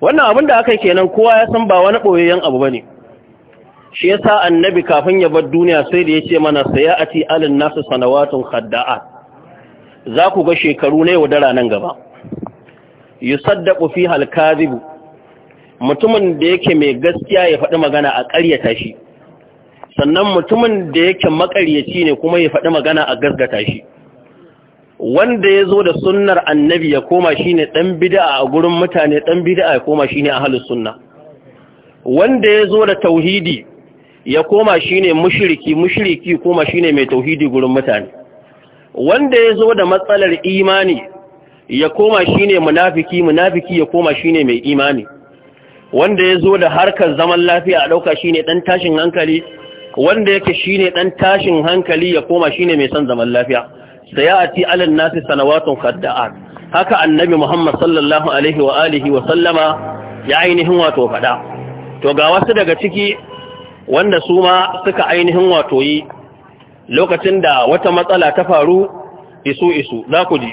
wannan abin da aka yi kenan kowa ya san ba wani ɓoyayyen abu ba ne shi ya sa annabi kafin ya bar duniya sai da ya ce mana saya a ti alin nasu sanawatun hadda'a za ku ga shekaru na yau dara nan gaba yusaddaku fi halkazibu mutumin da yake mai gaskiya ya faɗi magana a ƙaryata shi sannan mutumin da yake maƙaryaci ne kuma ya faɗi magana a gasgata shi wanda ya zo da sunnar annabi ya koma shi ne ɗan bida'a a gurin mutane ɗan bida'a ya koma shi ne a halin sunna wanda ya zo da tauhidi ya koma shi ne mushiriki mushiriki koma shi ne mai tauhidi gurin mutane wanda ya zo da matsalar imani ya koma shi ne munafiki munafiki ya koma shi ne mai imani wanda ya zo da harkar zaman lafiya a ɗauka shine ɗan tashin hankali wanda yake shine ɗan tashin hankali ya koma shine mai son zaman lafiya sayati alin nasi sanawatun kadda'a haka annabi Muhammad sallallahu alaihi wa alihi wa sallama ya ainihin wato faɗa to ga wasu daga ciki wanda su ma suka ainihin wato yi lokacin da wata matsala ta faru isu isu za ku ji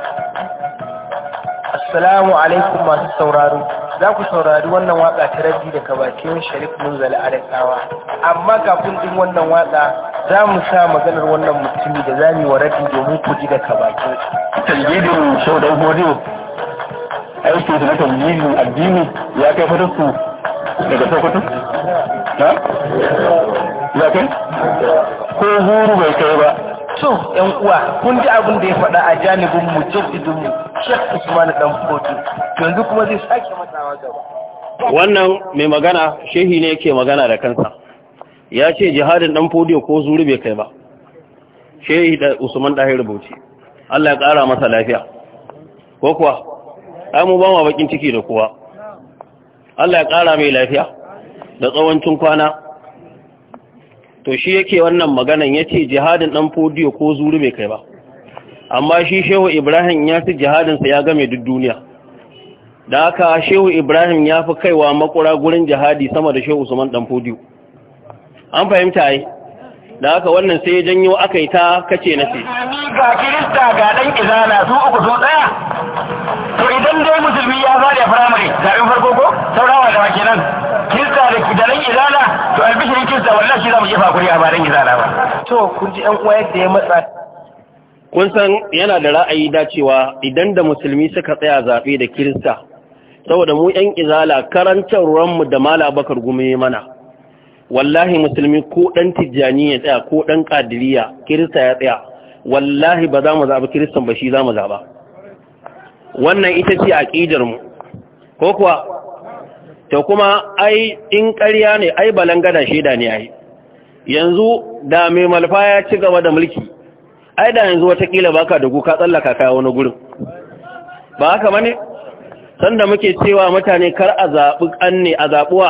Assalamu alaikum masu sauraro, za ku saurari wannan waka ta rabi da bakin Sharif Munzali a Dattawa. Amma kafin din wannan waka za mu sa maganar wannan mutumi da za mu yi wa rabi domin ku ji daga bakin. Talgidin shaudan hodiyo, aiki na talgidin addini ya kai fatarsu daga Sokoto? Ya kai? Ko huru bai kai ba. To, ‘yan uwa, kun ji abin da ya faɗa a janibin mu, jin mu. shek usman dan fotu yanzu kuma zai sake wannan mai magana shehi ne yake magana da kansa ya ce jihadin dan fodiyo ko zuri bai kai ba shehi da usman dahi rubuci Allah ya kara masa lafiya ko kuwa ai mu ba mu bakin ciki da kowa Allah ya kara mai lafiya da tsawancin kwana to shi yake wannan maganan ya ce jihadin dan fodiyo ko zuri bai kai ba amma shi shehu ibrahim ya fi jihadinsa ya game duk duniya da haka shehu ibrahim ya fi kaiwa makura gurin jihadi sama da shehu usman dan fodiyo an fahimta yi da haka wannan sai ya janyo aka yi ta kace na ce ga kirista ga dan izana su uku so daya to idan dai musulmi ya zaɗe firamare zaɓen farko ko saurawa da wake nan kirista da dan izana, to albishirin kirista wallashi shi za mu jefa kuri'a ba dan izana ba to kun ji yan uwa yadda ya matsa kun san yana da ra'ayi dacewa idan da musulmi suka tsaya zaɓe da kirista saboda mu ‘yan izala karantarwarmu da mala bakar gume mana wallahi musulmi ko ɗan tijjani ya tsaya ko ɗan ƙadiriya kirista ya tsaya wallahi ba za mu zaɓi kiristan ba shi za mu zaɓa wannan ita ce aƙidarmu ko kuwa ta kuma ai in ƙarya ne ai balangada shaida ne ai yanzu da mai malfa ya ci gaba da mulki ai da yanzu watakila baka da ka tsallaka kaya wani gurin ba haka bane sanda muke cewa mutane kar a zaɓi ƙanne a zaɓuwa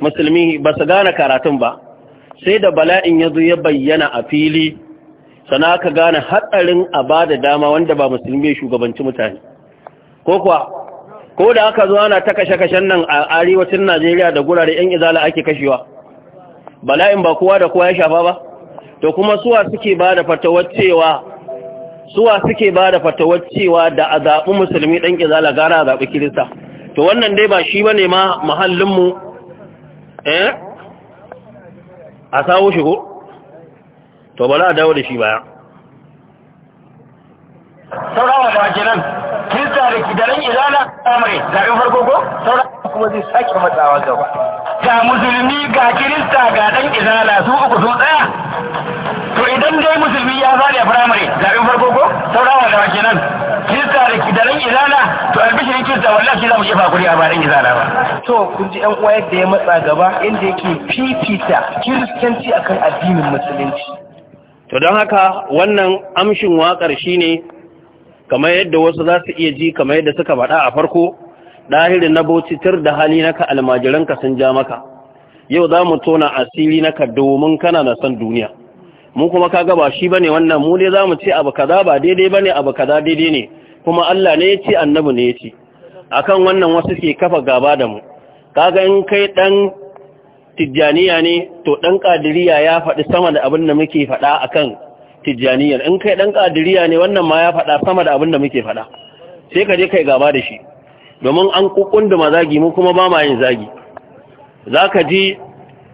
musulmi ba su gane karatun ba sai da bala'in ya zo ya bayyana a fili sana ka gane hatsarin a ba dama wanda ba musulmi shugabanci mutane ko kuwa ko da aka zo ana ta kashe-kashen nan a arewacin najeriya da gurare 'yan izala ake kashewa bala'in ba kowa da kowa ya shafa ba to kuma suwa suke ba da fatawar cewa suwa suke ba da fatawar da a zaɓi musulmi ɗan ƙizala gara a zaɓi kirista to wannan dai ba shi ba ne ma mahallinmu eh a sawo shi ko to ba za a dawo da shi baya saurawa da wajenan kirista da kidaran izala amare zaɓen farko ko saurawa kuma zai sake matsawa gaba ga musulmi ga kirista ga dan izala su uku sun tsaya to idan dai musulmi ya zare firamare zaɓen farko ko saurawa da wake nan kirista da dan izala to albishirin kirista wallahi shi za mu jefa kuri a ba dan izala ba to kun ji yan uwa yadda ya matsa gaba inda yake fifita kiristanci akan addinin musulunci to don haka wannan amshin waƙar shine kamar yadda wasu za su iya ji kamar yadda suka faɗa a farko ɗahirin na baucitar da hali naka almajiranka sun ja maka yau za mu tona asiri naka domin kana na san duniya mu kuma ka gaba shi bane wannan mu ne za mu ce abu kaza ba daidai bane abu kaza daidai ne kuma Allah ne ya ce annabi ne ya ce akan wannan wasu ke kafa gaba da mu kaga in kai dan tijjaniya ne to dan kadiriya ya faɗi sama da abin da muke faɗa akan tijjaniyar in kai dan kadiriya ne wannan ma ya faɗa sama da abin da muke faɗa sai ka je kai gaba da shi domin an kukunda ma zagi mu kuma ba ma yin zagi za ka ji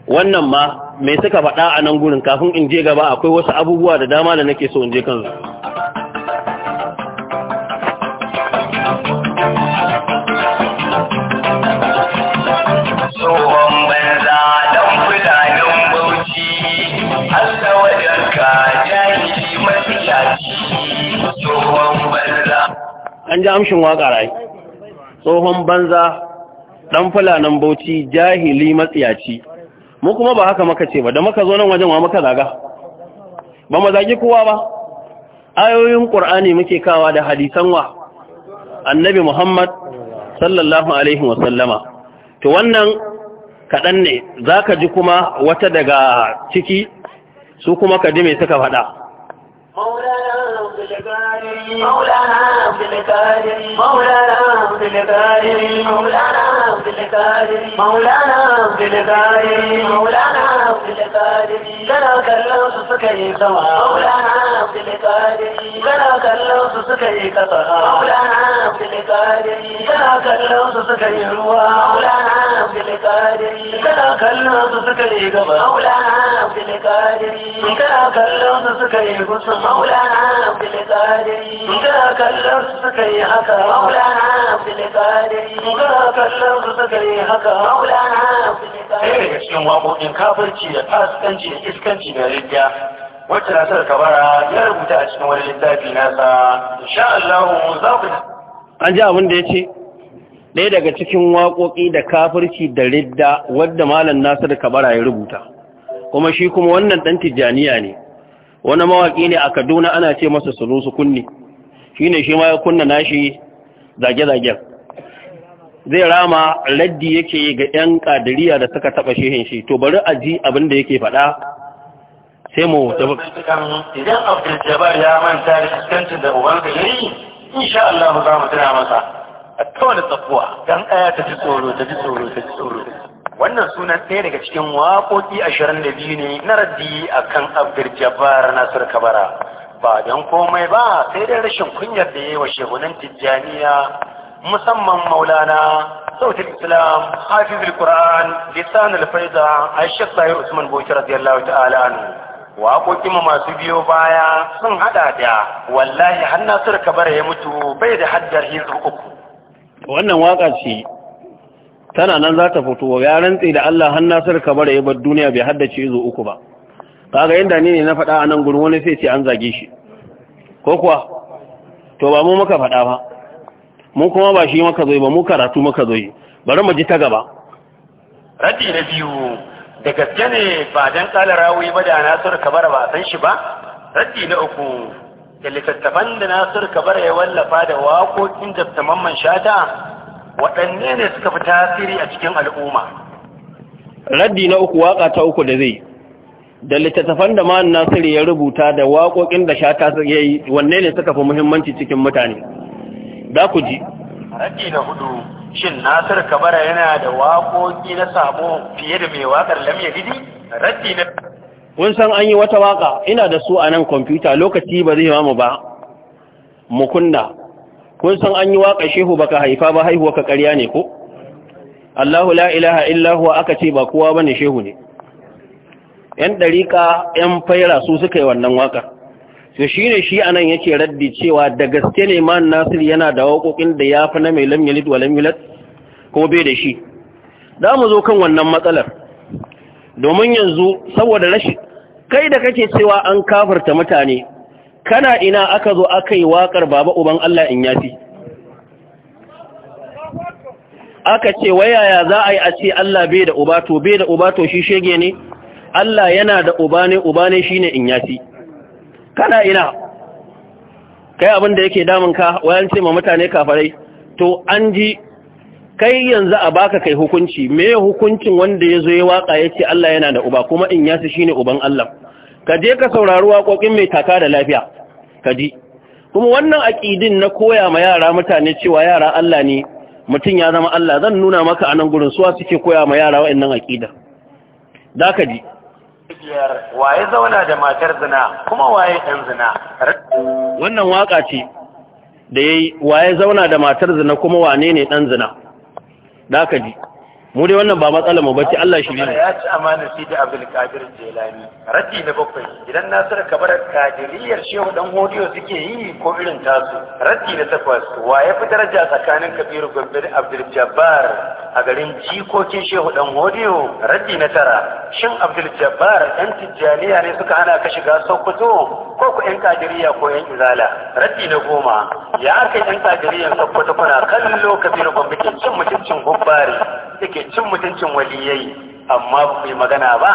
wannan ma mai suka faɗa a nan gurin kafin in je gaba akwai wasu abubuwa da dama da nake so in je kansu tsohon an ji amshin waƙa rai tsohon banza ɗan fulanan bauchi jahili matsiyaci mu kuma ba haka maka ce ba da maka zo nan wajen wa maka zaga ba mu zagi kowa ba ayoyin ƙur'ani muke kawa da hadisan wa annabi muhammad sallallahu alaihi wasallama to wannan kaɗan ne zaka ji kuma wata daga ciki su kuma ka mai suka faɗa مولانا في الكادر مولانا في الكادر مولانا في الكادر مولانا في الكادر مولانا في الكادر لنا كلمس كيف مولانا في الكادر لنا كلمس كيف مولانا في الكادر لنا كلمس كيف مولانا في الكادر لنا كلمس كيف مولانا في الكادر لنا كلمس كيف مولانا في الكادر Muka su suka yi haka maulana filifadari. Muka kallon su suka yi haka maulana filifadari. Ɗaya daga cikin waƙoƙin kafirci da fasikanci da iskanci da rijiya wacce Nasar bara ya rubuta a cikin wani littafi nasa. Insha Allah za ku An ji abin da ya ce, ɗaya daga cikin waƙoƙi da kafirci da ridda wadda Malam Nasir Kabara ya rubuta, kuma shi kuma wannan ɗan Tijjaniya ne. wani mawaƙi ne a kaduna ana ce masa su zo su kunni shi ne shi ma ya kunna nashi zage-zagen zai rama laddi yake ga 'yan ƙadiriya da suka taɓa shehin shi to bari a ji abin da yake faɗa sai mu tafi idan abdul ya manta da fuskancin da ubanka ya yi insha Allah za mu tuna masa a kawai da tsakuwa dan ɗaya ta ji tsoro ta ji tsoro ta ji tsoro wannan sunan ɗaya daga cikin waƙoƙi ashirin da biyu ne na raddi a kan abdul nasir kabara ba don komai ba sai dai rashin kunyar da ya yi wa shehunan tijjaniya musamman maulana sautin islam hafizul qur'an lisan al-faiza aishak usman boki radiyallahu ta'ala waƙoƙi ma masu biyo baya sun haɗa da wallahi har nasir kabara ya mutu bai da haddar hizu uku wannan waƙa ce tana nan za ta fito ya rantse da Allah har Nasir kamar ya bar duniya bai haddace zo uku ba kaga inda ni ne na faɗa a nan gurin wani sai ce an zage shi ko kuwa to ba mu muka faɗa ba mu kuma ba shi muka zo ba mu karatu muka zo bari mu ji ta gaba radi na biyu da gaske ne ba dan kala rawi ba da Nasir kamar ba san shi ba radi na uku da littattafan da Nasir kamar ya wallafa da waƙoƙin da Mamman Shata waɗanne ne suka fi tasiri a cikin al'umma raddi na uku waƙa ta uku da zai da littattafan da ma'an nasiru ya rubuta da waƙoƙin da shata ya yi wanne ne suka fi muhimmanci cikin mutane da ku ji raddi na hudu shin nasir kabara yana da waƙoƙi na samu fiye da mai waƙar lamya gidi raddi na kun san an yi wata waƙa ina da su a nan kwamfuta lokaci ba zai mamu ba mu kunna kun san an yi waka shehu baka haifa ba haihuwa ka ƙarya ne ko Allahu la ilaha illa huwa aka ce ba kowa bane shehu ne yan dariƙa yan faira su suka yi wannan waka to shine shi anan yake raddi cewa da gaske ne man nasir yana da waƙoƙin da yafi na mai lam yalid wa lam ko bai da shi da mu zo kan wannan matsalar domin yanzu saboda rashin kai da kake cewa an kafarta mutane kana ina aka zo aka yi waƙar baba uban Allah in yafi aka ce wayaya za a yi a ce Allah bai da uba to bai da uba to shi shege ne Allah yana da uba ne uba ne shine in yafi kana ina kai abin da yake damun ka wayan ce ma mutane kafarai to an ji kai yanzu a baka kai hukunci me hukuncin wanda ya zo ya waka ya ce Allah yana da uba kuma in yafi shine uban Allah ka je ka saurari waƙoƙin mai taka da lafiya ka ji kuma wannan aƙidin na koya ma yara mutane cewa yara Allah ne mutum ya zama Allah zan nuna maka a nan gurin suwa suke koya ma yara wa'annan aƙida da ka ji waye zauna da matar zina kuma waye ɗan zina wannan waƙa ce da yayi waye zauna da matar zina kuma wane ne ɗan zina da ka ji mu dai wannan ba matsala mu bace Allah shi ne ya ci amanar shi da Abdul Qadir Jilani raddi na bakwai idan Nasir kabar kadiriyar Shehu dan Hodiyo suke yi ko irin tasu raddi na takwas wa ya fi daraja tsakanin Kabiru Gombe da Abdul Jabbar a garin jikokin Shehu dan Hodiyo raddi na tara shin Abdul Jabbar ɗan Tijjaniya ne suka hana ka shiga Sokoto ko ku ɗan Kadiriya ko ɗan Izala raddi na goma ya aka ɗan Kadiriyan Sokoto kuna kallo Kabiru Gombe cin mutuncin gubbari take kuke cin mutuncin waliyai amma baku yi magana ba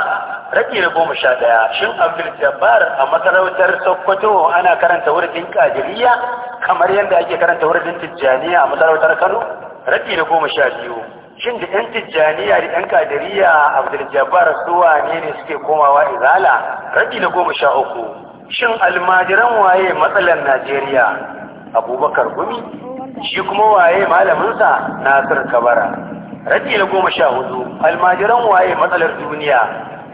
rage na goma sha ɗaya shin abdul jabbar a masarautar sokoto ana karanta wurin kadiriya kamar yadda ake karanta wurin tijjaniya a masarautar kano rage na goma sha biyu shin da yan tijjaniya da yan kadiriya abdul jabbar suwa ne ne suke komawa izala rage na goma sha uku shin almajiran waye matsalar najeriya abubakar gumi shi kuma waye malaminsa nasir kabara radi na goma sha hudu almajiran waye matsalar duniya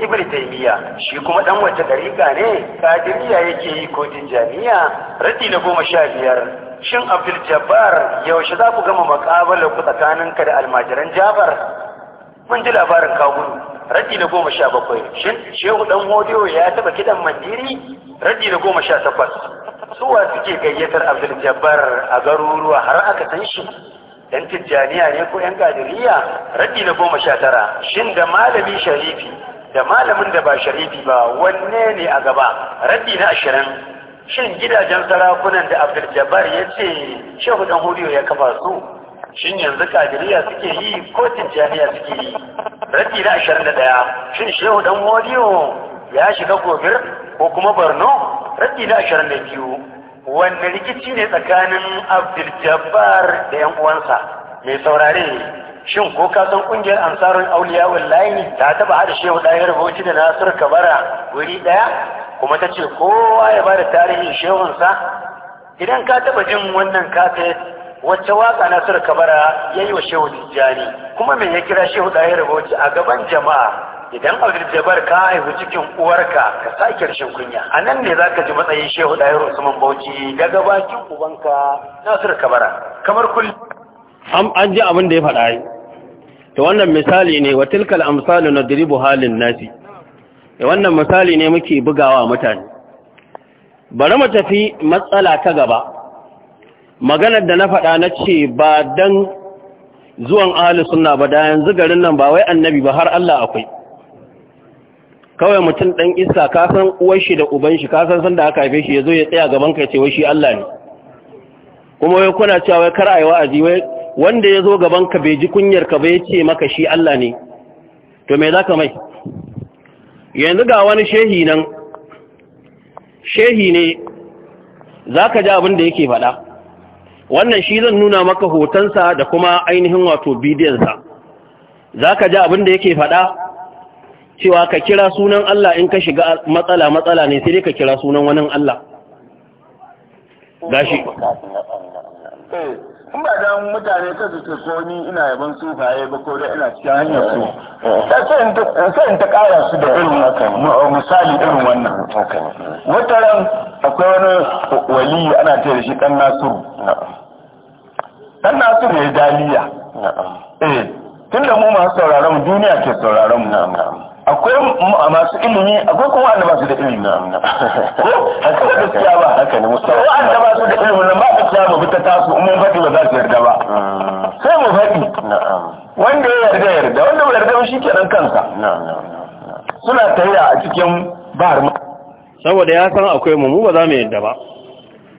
ibn taymiya shi kuma dan wace dariƙa ne kadiriya yake yi ko tijaniya rabi na goma sha biyar shin abdul jabbar yaushe za ku gama makabalar ku tsakaninka da almajiran jabar mun ji labarin kawun rabi na goma sha bakwai shin shehu dan hodiyo ya taba kidan mandiri radi na goma sha takwas suwa suke gayyatar abdul jabbar a garuruwa har aka san shi yan tijjaniya ne ko yan gadiriya raddi na goma sha tara shin da malami sharifi da malamin da ba sharifi ba wanne ne a gaba raddi na ashirin shin gidajen sarakunan da abdul jabbar ya ce shehu dan hudu ya kafa su shin yanzu kadiriya suke yi ko tijjaniya suke yi raddi na ashirin da ɗaya shin shehu dan hudiyo ya shiga gobir ko kuma borno raddi na ashirin da biyu wanda rikici ne tsakanin abdul jabbar da yan uwansa mai saurare shin ko ka san kungiyar ansarun auliya wallahi ta taba hada shehu dahir bauchi da nasir kabara wuri daya kuma ta ce kowa ya bada tarihin shehunsa idan ka taba jin wannan kaset wacce waka nasir kabara yayi wa shehu tijjani kuma me ya kira shehu dahir bauchi a gaban jama'a idan abdul ka haihu cikin uwarka ka sake rashin kunya a nan ne za ka ji matsayin shehu da yaro usman bauchi daga bakin ubanka nasir kabara kamar kullum an ji abin da ya faɗa yi ta wannan misali ne wa tilkal amsalu na diribu halin nasi da wannan misali ne muke bugawa mutane bari mu tafi matsala ta gaba maganar da na faɗa na ce ba don zuwan ahalisunna ba da yanzu garin nan ba wai annabi ba har Allah akwai kawai mutum ɗan iska kasan uwan shi da uban shi kasan san da aka haife shi ya zo ya tsaya gaban ka ce wai shi Allah ne kuma wai kuna cewa wai kar yi wa'azi wai wanda ya zo gaban ka bai ji kunyar ka bai ce maka shi Allah ne to me za ka mai yanzu ga wani shehi nan shehi ne ka ji abin da yake faɗa wannan shi zan nuna maka hotonsa da kuma ainihin wato bidiyonsa Za ka ji abin da yake faɗa cewa ka kira sunan Allah in ka shiga matsala matsala ne sai dai ka kira sunan wani Allah gashi eh, in ba dan mutane ta su ce so ni ina yaban sufaye ba ko da ina cikin hanyar su ta eh, ce in ta kara eh, su da irin oh, misali irin wannan wata ran akwai wani wali ana ce da shi kan nasiru kan nasiru ya daliya eh tunda mu ma sauraron duniya ke sauraron mu akwai masu ilimi akwai kuma wanda masu da ilimi ko haka gaskiya ba haka ne musamman wanda ba su da ilimi nan ba su kiya mu fita tasu mun faɗi ba za su yarda ba mm. sai mu faɗi wanda ya yarda yarda wanda bai yarda ba shi kenan kansa suna tayya a cikin bar ma saboda ya san akwai mu mu ba za mu yarda ba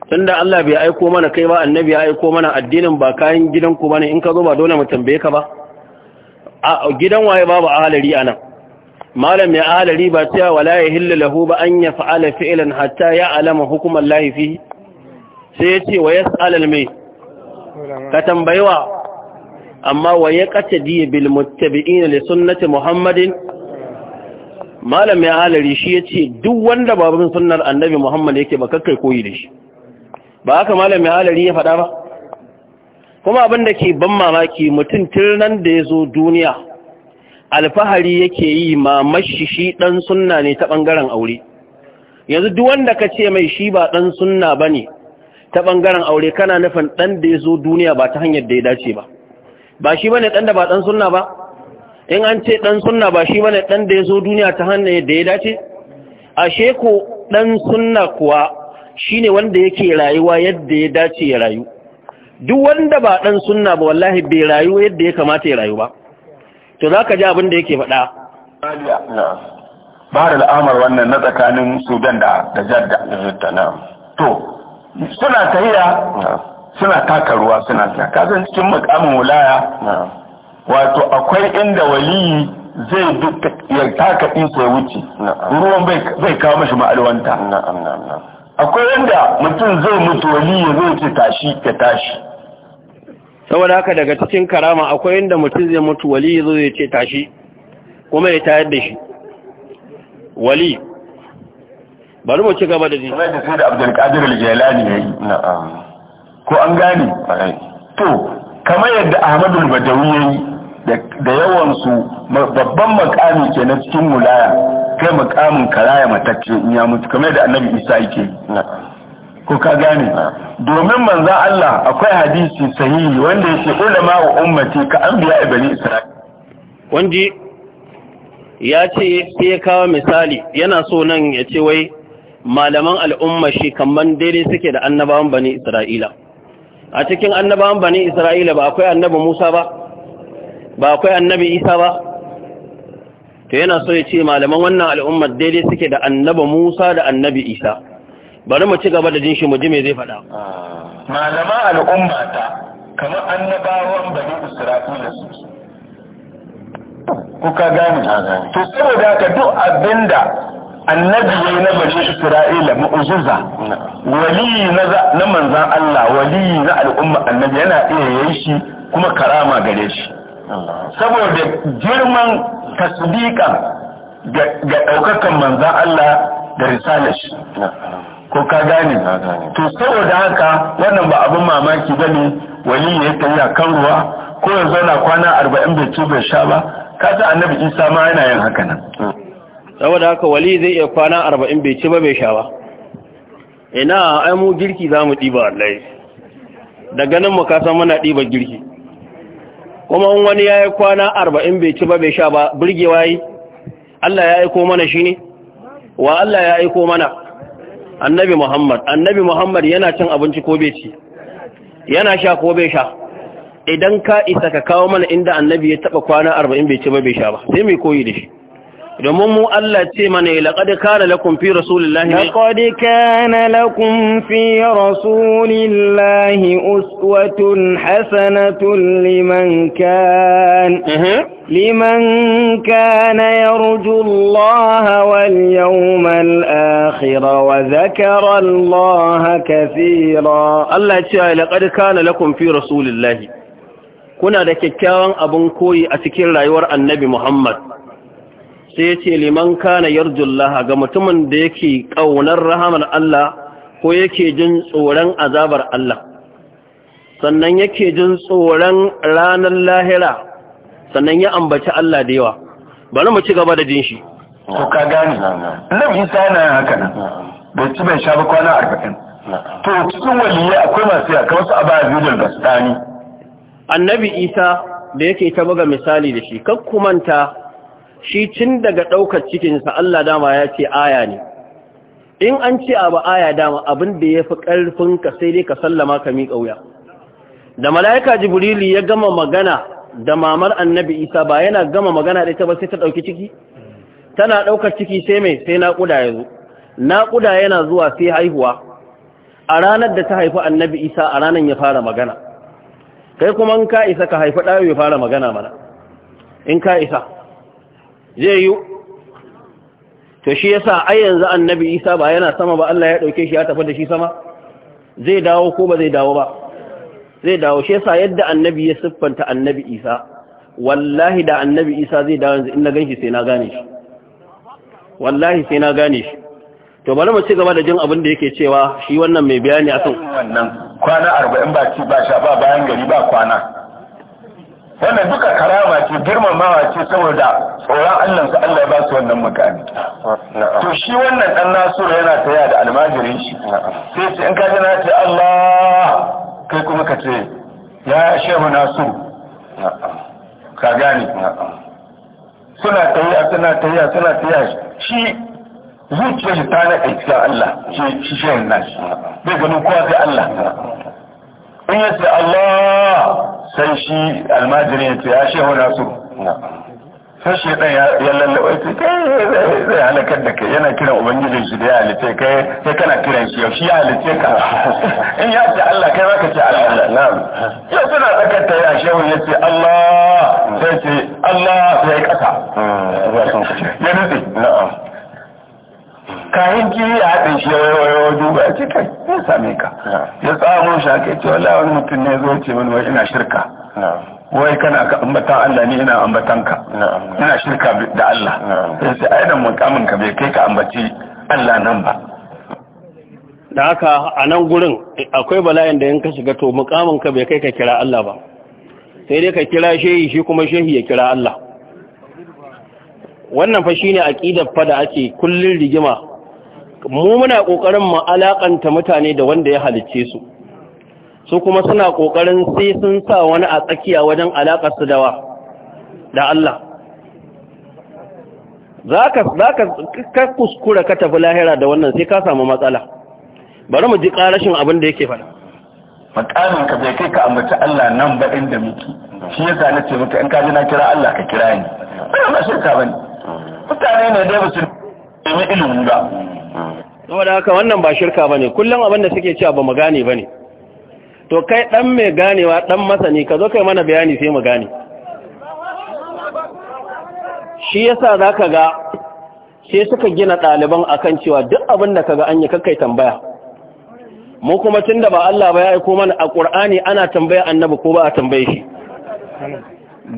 tunda Allah bai aiko mana kai ba annabi ya aiko mana addinin ba kayan gidanku bane in ka zo ba dole mu tambaye ka ba a gidan waye babu ahalari anan malam ya ala riba cewa wala ya hillu lahu ba an ya fa'ala fi'lan hatta ya alama hukumar laifi. fi sai ya ce wa yas'al al mai ka tambayewa amma wa ya qatadi bil muttabi'in li sunnati muhammadin malam ya ri shi ya ce duk wanda babin sunnar annabi muhammad yake ba kakkai koyi da shi ba haka malam ya ri ya faɗa ba kuma abin da ke ban mamaki mutum tirnan da ya zo duniya alfahari yake yi mamashi shi ɗan sunna ne ta ɓangaren aure yanzu duk wanda ka ce mai shi ba ɗan sunna ba ne ta ɓangaren aure kana nufin ɗan da ya zo duniya ba ta hanyar da ya dace ba ba shi ba ne ɗan da ba ɗan sunna ba in an ce ɗan sunna ba shi ba ne ɗan da ya zo duniya ta hanyar da ya dace ashe ko ɗan sunna kuwa shi ne wanda yake rayuwa yadda ya dace ya rayu duk wanda ba ɗan sunna ba wallahi bai rayu yadda ya kamata ya rayu ba to za ka ji abin da yake faɗa Ba da al'amar wannan na tsakanin sudan da da jadda na to suna tahiya suna taka ruwa suna ta kasan cikin makamin wulaya wato akwai inda waliyi zai ya taka ɗinsa ya wuce ruwan bai kawo mashi ma'alwanta akwai inda mutum zai mutu waliyi zai ce tashi ya tashi saboda haka daga cikin karama akwai inda mutum zai mutu wali zo ya ce tashi kuma ya tayar da shi wali bari mu ci gaba da ji kamar da sai da abdulkadir al-jilani yayi ko an gane to kamar yadda ahmadu al-badawi yayi da yawan su babban makami na cikin wulaya kai makamin karaya matacce in ya mutu kamar yadda annabi isa yake na'am ko ka gane domin manzan Allah akwai hadisi sahihi wanda yake ulama wa ummati ka anbiya bani isra'il wanji ya ce sai ya kawo misali yana so nan ya ce wai malaman al'umma shi kamar daidai suke da annabawan bani isra'ila a cikin annabawan bani isra'ila ba akwai annabi musa ba ba akwai annabi isa ba to yana so ya ce malaman wannan al'ummar daidai suke da annabi musa da annabi isa bari mu ci gaba da jin shi mu ji me zai faɗa malama al'umma ta kamar annabawan bani isra'ila su kuka gani to saboda ka duk abinda annabi ne na bani isra'ila mu'jiza wali na manzan Allah wali na al'umma annabi yana iya yayi shi kuma karama gare shi saboda girman tasdiqan ga ɗaukakan manzan Allah da risalar shi ko ka gane to saboda haka wannan ba abin mamaki bane wani ya tafi a kan ruwa ko ya zauna kwana arba'in bai ci bai sha ba ka san annabi isa ma yana yin haka nan saboda haka wali zai iya kwana arba'in bai ci ba bai sha ba ina ai mu girki za mu ɗiba wallahi da ganin mu ka san muna diba girki kuma in wani ya yi kwana arba'in bai ci ba bai sha ba burgewa yi Allah ya aiko mana shi ne wa Allah ya aiko mana annabi Muhammad annabi Muhammad yana cin abinci ko bai ci yana sha ko bai sha idan ka isa ka kawo mana inda annabi ya taba kwana 40 bai ci ba bai sha ba sai mai koyi da shi domin mu Allah ce mana laqad kana lakum fi rasulillahi laqad kana lakum fi rasulillahi uswatun hasanatun liman kana liman kana yarju Allah wal yawmal akhir wa dhakara Allah kaseera Allah ce laqad kana lakum fi rasulillahi kuna da kyakkyawan abun koyi a cikin rayuwar annabi Muhammad sai ya ce liman kana yarjullaha ga mutumin da yake ƙaunar rahamar Allah ko yake jin tsoron azabar Allah sannan yake jin tsoron ranar lahira sannan ya ambaci Allah da yawa bari mu ci gaba da jin shi to ka gane nan isa yana haka nan bai ci bai sha ba kwana arba'in to cikin waliyyai akwai masu yaka wasu abazilul basdani annabi isa da yake ta buga misali da shi kakkumanta shi cin daga ɗaukar cikinsa Allah dama ya ce aya ne in an ce abu aya dama abin da ya fi ƙarfin ka sai dai ka sallama ka miƙa wuya da mala'ika jibrili ya gama magana da mamar annabi isa ba yana gama magana da ita ba sai ta ɗauki ciki tana ɗaukar ciki sai mai sai naƙuda ya zo naƙuda yana zuwa sai haihuwa a ranar da ta haifi annabi isa a ranar ya fara magana kai kuma in ka isa ka haifi ɗayo ya fara magana mana in ka isa zai yi to shi ya sa yanzu annabi isa ba yana sama ba Allah ya ɗauke shi ya tafi da shi sama zai dawo ko ba zai dawo ba zai dawo shi ya sa yadda annabi ya siffanta annabi isa wallahi da annabi isa zai dawo yanzu in na ganshi sai na gane shi wallahi sai na gane shi to bari mu ci gaba da jin abin da yake cewa shi wannan mai bayani akan wannan kwana 40 ba ci ba sha ba bayan gari ba kwana wanda duka karama ce girmamawa ce saboda tsoron Allah su Allah ya ba su wannan mukami to shi wannan dan Nasiru yana taya da almajirin shi sai ce in ka ji na ce Allah kai kuma ka ce ya shehu Nasiru ka gane suna tayya suna tayya suna tayya shi zuciyar shi ta na aikin Allah shi shehu nashi bai ganin kowa sai Allah in ya ce Allah sai shi almajiri ya ce ya shehu na sai shi ɗan ya lallaba ya ce kai zai halakar da kai yana kiran ubangijin shi da ya halice kai sai kana kiran shi yau shi ya halice ka *laughs* in ya ce Allah kai maka ce Allah na'am yau suna tsakanta ya shehu ya ce Allah sai ce Allah sai ƙasa hmm. ya nutse na'am kayan kiri a haɗin shi yawayawa duba ce kai ya same ka ya tsamo shi ake ce wala wani mutum ne zo ce min wai ina shirka wai kana ka ambatan Allah ne ina ambatan ka ina shirka da Allah sai sai aidan mukamin ka bai kai ka ambaci Allah nan ba da haka a nan gurin akwai bala'in da yanka shiga to mukamin ka bai kai ka kira Allah ba sai dai ka kira shehi shi kuma shehi ya kira Allah wannan fa shine aqidar fa da ake kullun rigima mu muna kokarin mu alakanta mutane da wanda ya halicce su su kuma suna kokarin sai sun sa wani a tsakiya wajen alakar su dawa da Allah zaka zaka ka kuskura ka tafi lahira da wannan sai ka samu matsala bari mu ji karashin abin da yake faɗa makamin ka bai kai ka ambaci Allah nan ba inda muke shi yasa na ce maka in ka ji na kira Allah ka kira ni ba shirka bane mutane ne da ba su nemi ilimin ba da haka wannan ba shirka ba ne, kullum abin da suke cewa ba mu gane ba ne. to kai ɗan mai ganewa dan masani ka zo kai mana bayani sai mu gane shi yasa ka ga sai suka gina ɗaliban a kan cewa duk abinda ka ga an yi kakkai tambaya mu kuma tun da ba Allah ba ya aiko mana a ƙur'ani ana tambaya annabi ko ba a tambaye shi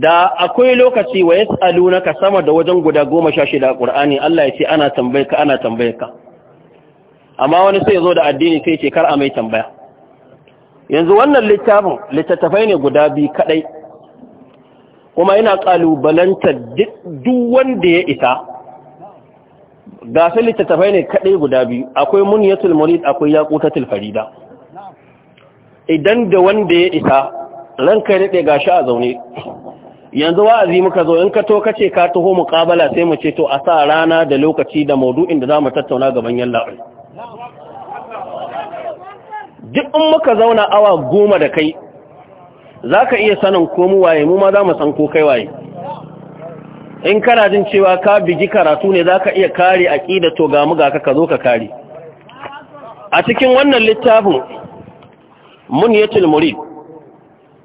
da akwai lokaci wa naka sama da wajen guda goma sha shida a ƙur'ani, Allah ya ce ana tambaye ka ana tambaye ka amma wani sai zo da addini sai ce kar a mai tambaya yanzu wannan littafin littattafai ne guda biyu kadai kuma ina kalubalanta duk wanda ya isa ga sai littattafai ne kadai guda biyu akwai muniyatul murid akwai yaqutatul farida idan da wanda ya isa ranka ya dade gashi a zaune yanzu wa'azi muka zo in ka to kace ka taho muqabala sai mu ce to a sa rana da lokaci da maudu'in da zamu tattauna gaban yalla duk in muka zauna awa goma da kai za ka iya sanin ko waye mu ma za mu san ko kai waye in kana jin cewa ka bigi karatu ne za ka iya kare ƙida to ga mu ka zo ka kare a cikin wannan littafin mun ya tilmuri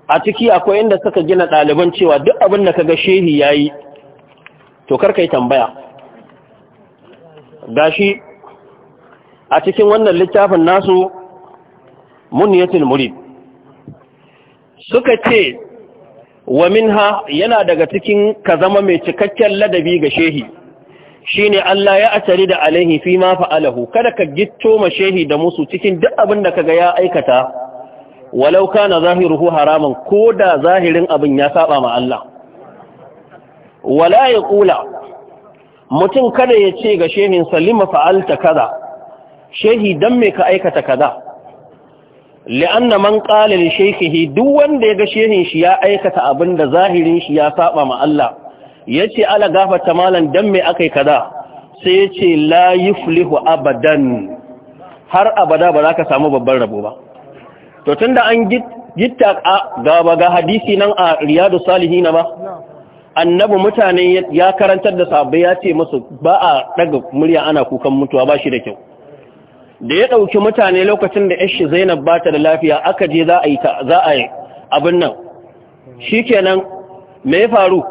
a ciki akwai inda suka gina ɗaliban cewa duk abin da ka ga shehi ya yi to karka yi tambaya gashi a cikin wannan littafin nasu muniyatul murid suka ce wa minha yana daga cikin ka zama mai cikakken ladabi ga shehi shine Allah ya atari da alaihi fi ma fa'alahu kada ka gitto ma shehi da musu cikin duk abin da kaga ya aikata walau kana zahiruhu haraman ko da zahirin abin ya saba ma Allah wala ya kula mutum kada ya ce ga shehin salima fa'alta kaza shehi dan me ka aikata kaza li'anna man qala li shaykhihi duk wanda ya ga shehin shi ya aikata abin da zahirin shi ya saba ma Allah yace ala gafata malan dan me akai kaza sai yace la yuflihu abadan har abada ba za ka samu babban rabo ba to tunda an gitta ga ga hadisi nan a riyadu salihin ba annabi mutane ya karantar da sahabbai ya ce musu ba a daga murya ana kukan mutuwa ba shi da kyau da ya ɗauki mutane lokacin da yashi zainab ba ta da lafiya aka je za a yi abin nan shi kenan me ya faru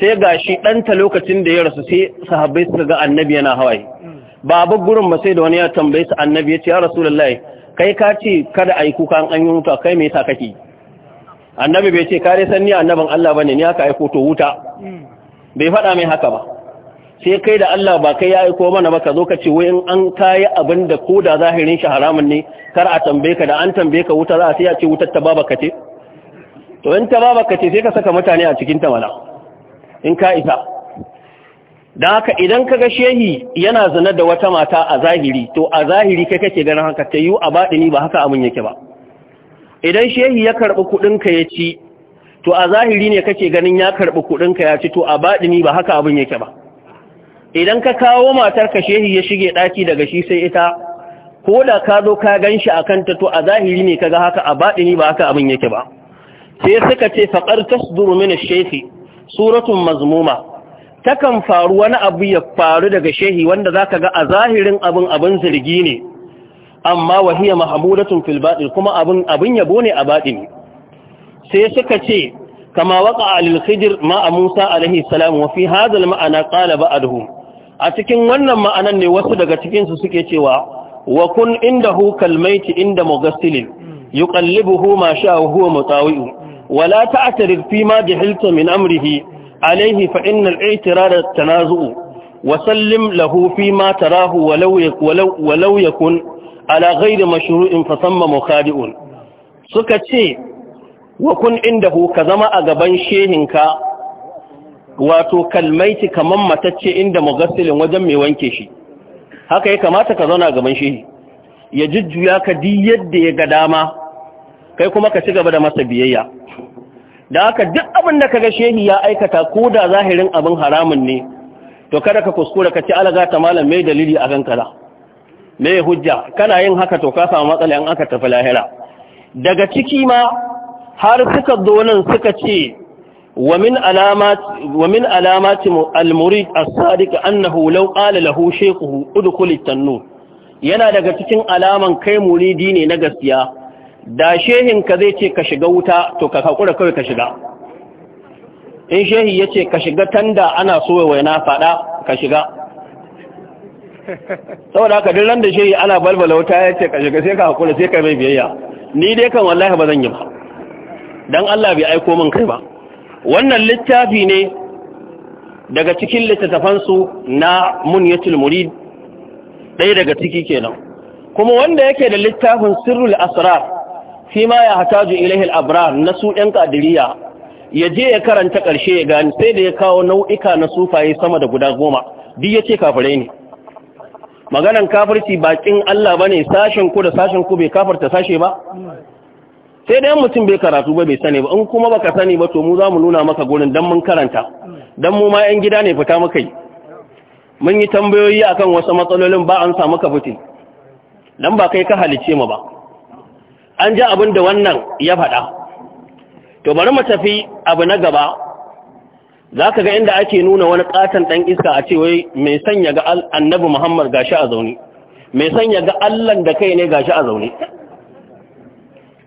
sai ga shi ɗanta lokacin da ya rasu sai sahabbai suka ga annabi yana hawaye ba a gurin ba sai da wani ya tambaye su annabi ya ce ya lallai kai ka ce kada a yi kuka an yi wuta kai me yasa kake annabi bai ce kare san ni annabin Allah bane ni haka aiko to wuta hmm. bai faɗa mai haka ba sai kai da Allah ba kai ya aiko mana ba ka zo ka ce wai in an kayi abin da ko da zahirin shi haramun ne kar a tambaye ka da an tambaye ka wuta za a sai a ce wutar ta baba kace to in ta baba kace sai ka saka mutane a cikin ta mana in ka isa dan haka idan kaga shehi yana zina da wata mata a zahiri to a zahiri kai kake ganin haka ta yi a badini ba haka abin yake ba idan shehi ya karbi kudin ka ya ci to a zahiri ne kake ganin ya karbi kudin ka ya ci to a badini ba haka abin yake ba idan ka kawo matar ka shehi ya shige daki daga shi sai ita ko da ka zo ka ganshi akan ta to a zahiri ne kaga haka a batini ba haka abin yake ba sai suka ce faqar tasduru min ash suratun mazmuma takan faru wani abu ya faru daga shehi wanda zaka ga a zahirin abin abin zargi ne amma wahiya mahmudatun fil batil kuma abin abin yabo ne a batini sai suka ce kama waka alil khidr ma Musa alaihi salam wa fi hadha al ma'ana qala ba'dahu a cikin wannan ma'anan ne wasu daga cikinsu suke cewa wa kun indahu kalmaiti inda mugassilin yuqallibuhu ma sha huwa mutawi'u wala ta'tarid fi ma jahilta min amrihi alayhi fa innal i'tirad tanazuu wa lahu fi ma tarahu walau walau walau ala ghayri mashru'in fa samma mukhadi'un suka ce wa kun hu ka zama a gaban shehinka wato kalmaiti kaman matacce inda mugassilin wajen mai wanke shi haka ya kamata ka zauna gaban shi ya jujjuya ka di yadda ya ga dama kai kuma ka ci gaba da masa biyayya da haka duk abin da ga shehi ya aikata ko da zahirin abin haramun ne to kada ka kuskura ka ci alaga ta malam mai dalili a kan da. mai hujja kana yin haka to ka samu matsala in aka tafi lahira daga ciki ma har suka zo nan suka ce ومن علامات ومن علامات المريد الصادق أنه لو قال له شيخه ادخل التنور yana daga cikin alaman kai muridi ne na gaskiya da shehin ka zai ce ka shiga wuta to ka hakura kawai ka shiga in shehi ya ce ka shiga tanda ana soya waina fada ka shiga saboda haka duk ran da shehi ana balbala wuta ya ce ka shiga sai ka hakura sai ka mai biyayya ni dai kan wallahi ba zan yi ba dan Allah bai aiko min kai ba wannan littafi ne daga cikin littattafansu na munyatul murid ɗaya daga ciki kenan kuma wanda yake da littafin sirrul asrar fi ma ya hataju ilaihi al-abrar na su ɗan ƙadiriya, ya je ya karanta ƙarshe ya gani sai da ya kawo nau'ika na sufaye sama da guda goma duk yace kafirai ne maganan kafirci bakin Allah bane sashen ku da sashen ku bai kafirta sashe ba sai dai mutum bai karatu ba bai sani ba in kuma baka sani ba to mu za mu nuna maka gurin dan mun karanta dan mu ma yan gida ne fita muka yi mun yi tambayoyi akan wasu matsalolin ba an samu ka fitin dan ba kai ka halice mu ba an ji abin da wannan ya faɗa to bari mu tafi abu na gaba za ka ga inda ake nuna wani katan dan iska a cewa mai sanya ga annabi muhammad gashi a zaune mai sanya ga allan da kai ne gashi a zaune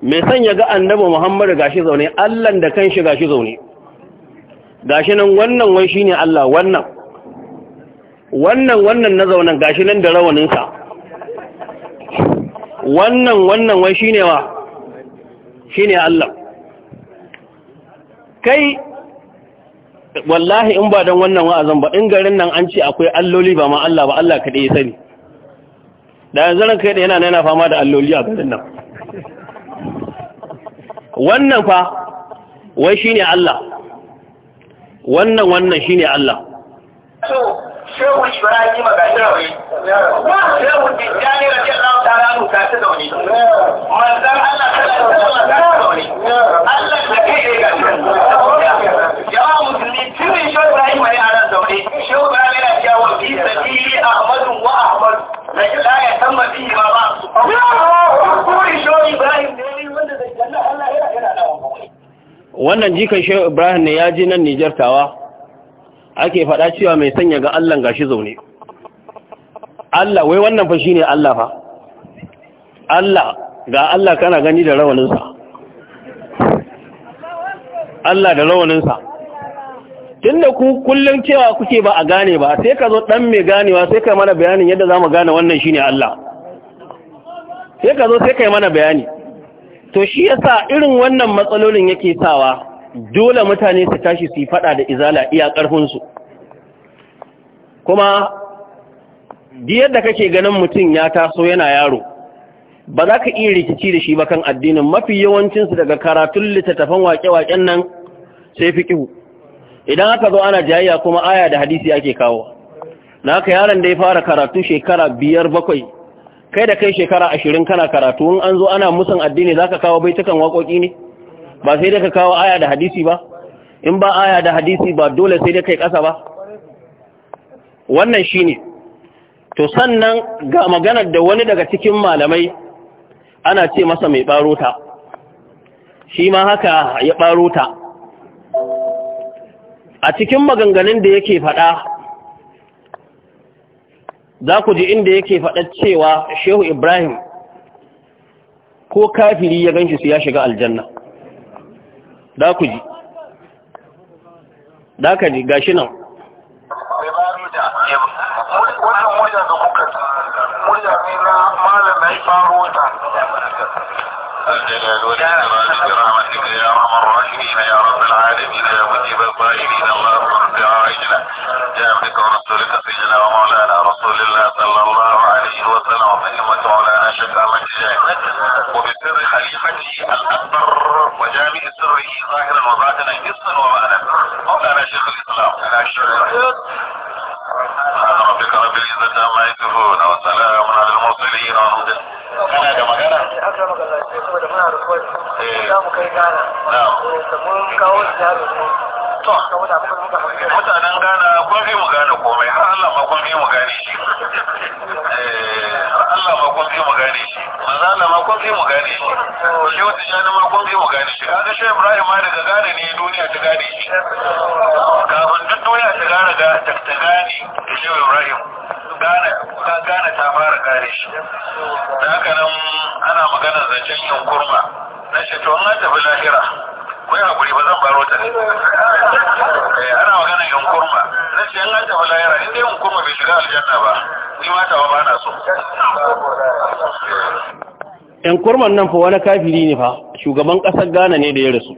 mai son ya ga annabi Muhammadu gashi zaune Allah da kanshi gashi zaune gashi nan wannan wai shine Allah wannan wannan wannan na zaunan gashi nan da rawanin sa wannan wannan wai shine wa shine Allah kai wallahi in ba don wannan a ba in garin nan an ce akwai alloli ba ma Allah ba Allah kadai ya sani da yanzu ran kai da yana yana fama da alloli a garin nan wannan fa wai shine Allah wannan wannan shine Allah shehu ibrahim ga shirawi shehu tijjani radiyallahu ta'ala anhu ta ta Allah sallallahu alaihi wasallam ta zaune Allah ta kai ga jama'a musulmi cikin shehu ibrahim ne a nan zaune shehu ibrahim yana cewa bi sabili ahmadu wa ahmadu la la ya tamma bi ma ba su kuri shehu ibrahim ne wanda da janna Allah yana yana da wannan jikan shehu ibrahim ne ya ji nan Nijar tawa ake faɗa cewa mai sanya ga Allah gashi zaune Allah wai wannan fa shine Allah fa Allah ga Allah kana gani da rawaninsa Allah da rawaninsa tunda ku kullum cewa kuke ba a gane ba sai ka zo dan mai ganewa sai kai mana bayanin yadda zamu gane wannan shine Allah sai ka zo sai kai mana bayani to shi yasa irin wannan matsalolin yake sawa dole mutane su tashi su fada da izala iya karfin kuma di yadda kake ganin mutum ya taso yana yaro ba za ka iya rikici da shi ba kan addinin mafi yawancinsu daga karatun littattafan waƙe-waƙen nan sai fi ƙihu idan aka zo ana jayayya kuma aya da hadisi ake kawo na haka yaron da ya fara karatu shekara biyar bakwai kai da kai shekara ashirin kana karatu in an zo ana musan addini za ka kawo baitukan waƙoƙi ne ba sai dai ka kawo aya da hadisi ba in ba aya da hadisi ba dole sai da kai ƙasa ba wannan shi ne to sannan ga maganar da wani daga cikin malamai ana ce masa mai ɓarota shi ma haka ya ɓarota a cikin maganganun da yake faɗa za ku ji inda yake faɗa cewa shehu ibrahim ko kafiri ya ganshi su ya shiga aljanna za ku ji za ka ji gashi nan na kurma yan kurman nan fa wani kafiri ne fa shugaban kasar Ghana ne da ya rasu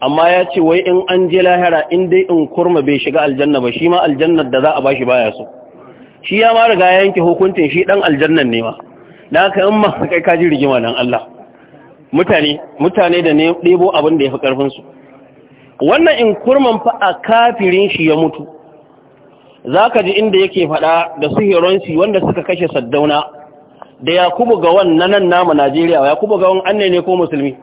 amma ya ce wai in an je lahira in dai in kurma bai shiga aljanna ba shi ma aljannar da za a bashi baya so shi ya ma riga yanke hukuncin shi dan aljannan ne ma da haka in ma *laughs* kai ka ji rigima nan Allah mutane mutane da ɗebo abin da ya fi ƙarfinsu wannan in kurman fa a kafirin shi ya mutu za ka ji inda yake faɗa da su heronsi wanda suka kashe saddauna da yakubu ga wannan nan namu najeriya yakubu ga an ne ko musulmi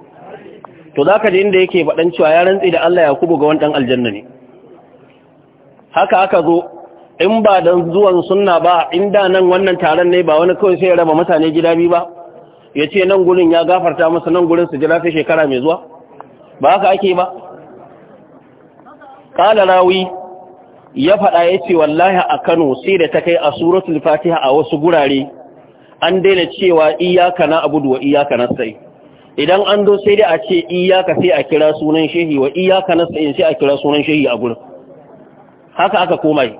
to za ka ji inda yake faɗan cewa ya rantsi da allah yakubu ga ɗan aljanna ne haka aka zo in ba don zuwan sunna ba inda nan wannan taron ne ba wani kawai sai ya raba mutane gida biyu ba ya ce nan gurin ya gafarta masa nan gurin su jira sai shekara mai zuwa ba haka ake ba ƙala rawi ya faɗa ya ce wallahi a kano sai da ta kai a suratul fatiha a wasu gurare an daina cewa iyaka na abudu wa iyaka na sai idan an zo sai dai a ce iyaka sai a kira sunan shehi wa iyaka na sai sai a kira sunan shehi a gurin haka aka komai.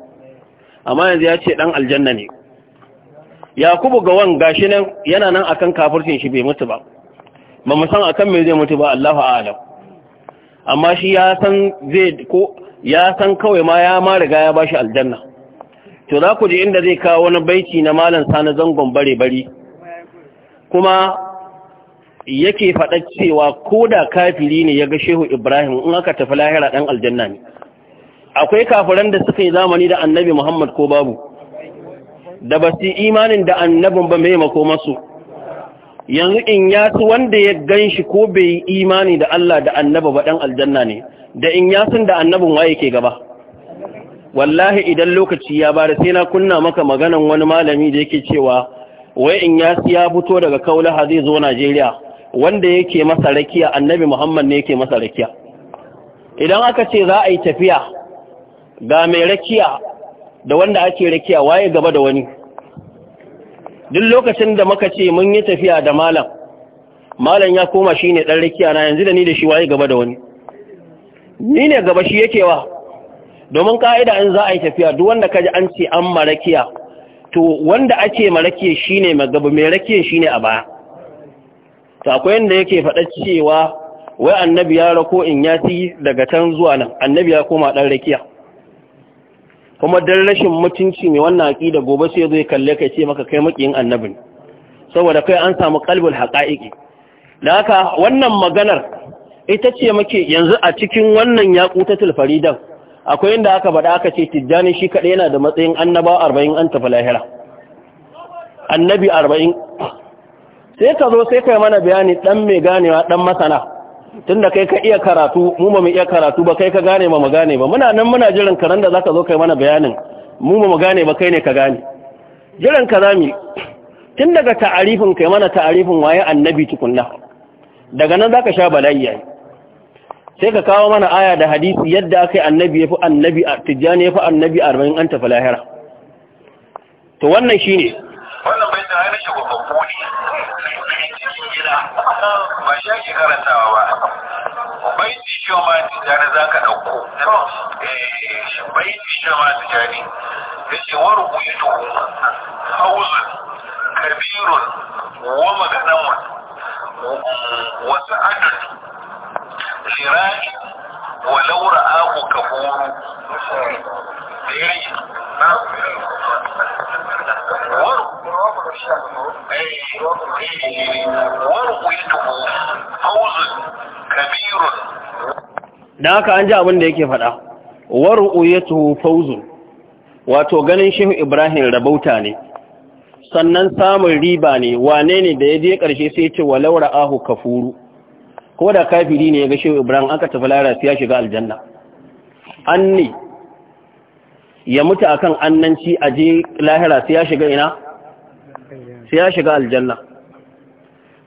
amma yanzu ya ce dan aljanna ne yakubu ga wan gashi nan yana nan akan kafircin shi bai mutu ba ba mu san akan me zai mutu ba Allahu a'lam amma shi ya san zai ko ya san kawai ma ya ma riga ya bashi aljanna to za ku ji inda zai kawo wani baiti na malam sani zangon bare bare kuma yake faɗa cewa ko da kafiri ne ya ga shehu ibrahim in aka tafi lahira ɗan aljanna ne akwai kafiran da suka yi zamani da annabi Muhammad ko babu da ba su imanin da annabin ba mai mako masu yanzu in ya su wanda ya gan shi ko bai yi imani da Allah da annaba ba ɗan aljanna ne da in ya sun da annabin waye ke gaba wallahi idan lokaci ya bada sai na kunna maka maganan wani malami da yake cewa wai in su ya fito daga ha zai zo Najeriya wanda yake masa rakiya annabi Muhammad ne yake masa rakiya idan aka ce za a yi tafiya ga mai rakiya da wanda ake rakiya waye gaba da wani duk lokacin da muka ce mun yi tafiya da malam malam ya koma shi ne ɗan rakiya na yanzu da ni da shi waye gaba da wani ni ne gaba shi yake wa domin ka'ida in za a yi tafiya duk wanda kaji an ce an marakiya to wanda ake marakiya shi ne magaba mai rakiya shi ne a baya to akwai yadda yake faɗa cewa wai annabi ya rako in yasi daga can zuwa nan annabi ya koma ɗan rakiya kuma dan rashin mutunci mai wannan aqida gobe sai zai kalle ka ce maka kai makiyin annabi saboda kai an samu qalbul haqaiqi da haka wannan maganar ita ce muke yanzu a cikin wannan yaqutatul faridan akwai inda aka bada aka ce tijjani shi kadai yana da matsayin annaba 40 an tafi lahira annabi 40 sai ka zo sai kai mana bayani dan mai ganewa dan masana tunda kai ka iya karatu mu ba mu iya karatu ba kai ka gane ba mu gane ba muna nan muna jiran karan da zaka zo kai mana bayanin mu ba mu gane ba kai ne ka gane jiran ka zami tun daga ta'arifin kai mana ta'arifin waye annabi tukunna daga nan zaka sha bala'i yayi sai ka kawo mana aya da hadisi yadda akai annabi ya fi annabi a tijjani annabi arba'in an tafi lahira to wannan shi ne wannan bai da ainihin shugababbu wannan ba shi ake karantawa ba Bai baiti shi ma tijani za ka ɗauko bai eh, baiti shi ma tijani ya ce wa rubutu hauzun kabirun wa maganamun wasu adun lirani walau ra'ahu kafuru da haka an ji abin da yake faɗa waru ya fauzun wato ganin shehu ibrahim rabauta ne sannan samun riba ne wane ne da ya je ƙarshe sai ce wa laura ahu kafuru ko da kafiri ne ya ga shehu ibrahim aka tafi lara ya shiga aljanna an ne ya mutu akan annanci a je lahira sai ya shiga ina sai ya shiga aljanna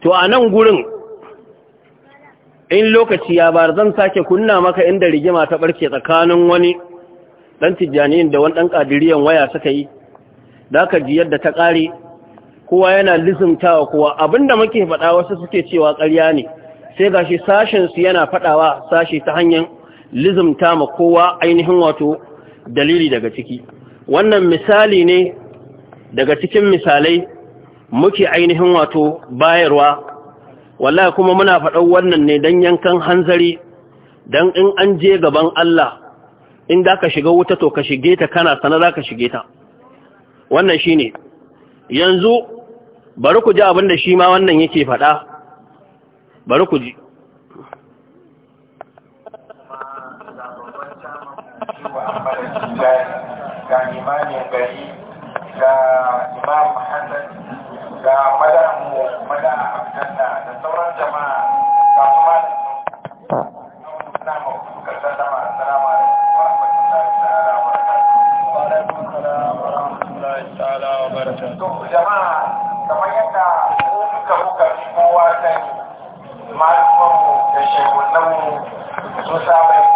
to a nan gurin in lokaci ya bar zan sake kunna maka inda rigima ta barke tsakanin wani dan tijjaniyin da wani dan kadiriyan waya suka yi da ka ji yadda ta kare kowa yana lizimtawa kowa abinda muke faɗa wasu suke cewa karya ne sai gashi sashin su yana faɗawa sashi ta hanyar lizimta ma kowa ainihin wato dalili daga ciki wannan misali ne daga cikin misalai muke ainihin wato bayarwa wallahi kuma muna faɗan wannan ne don yankan hanzari don in an je gaban Allah in da ka shiga wuta to ka shige ta kana sana za ka shige ta wannan shi ne yanzu bari ku ji abin da shi ma wannan yake faɗa bari ku ji ga limanin gari ga imam hassan ga madamu madamu abdalla da sauran jama'a ga su ma da kamar yadda ko muka muka kowa da sun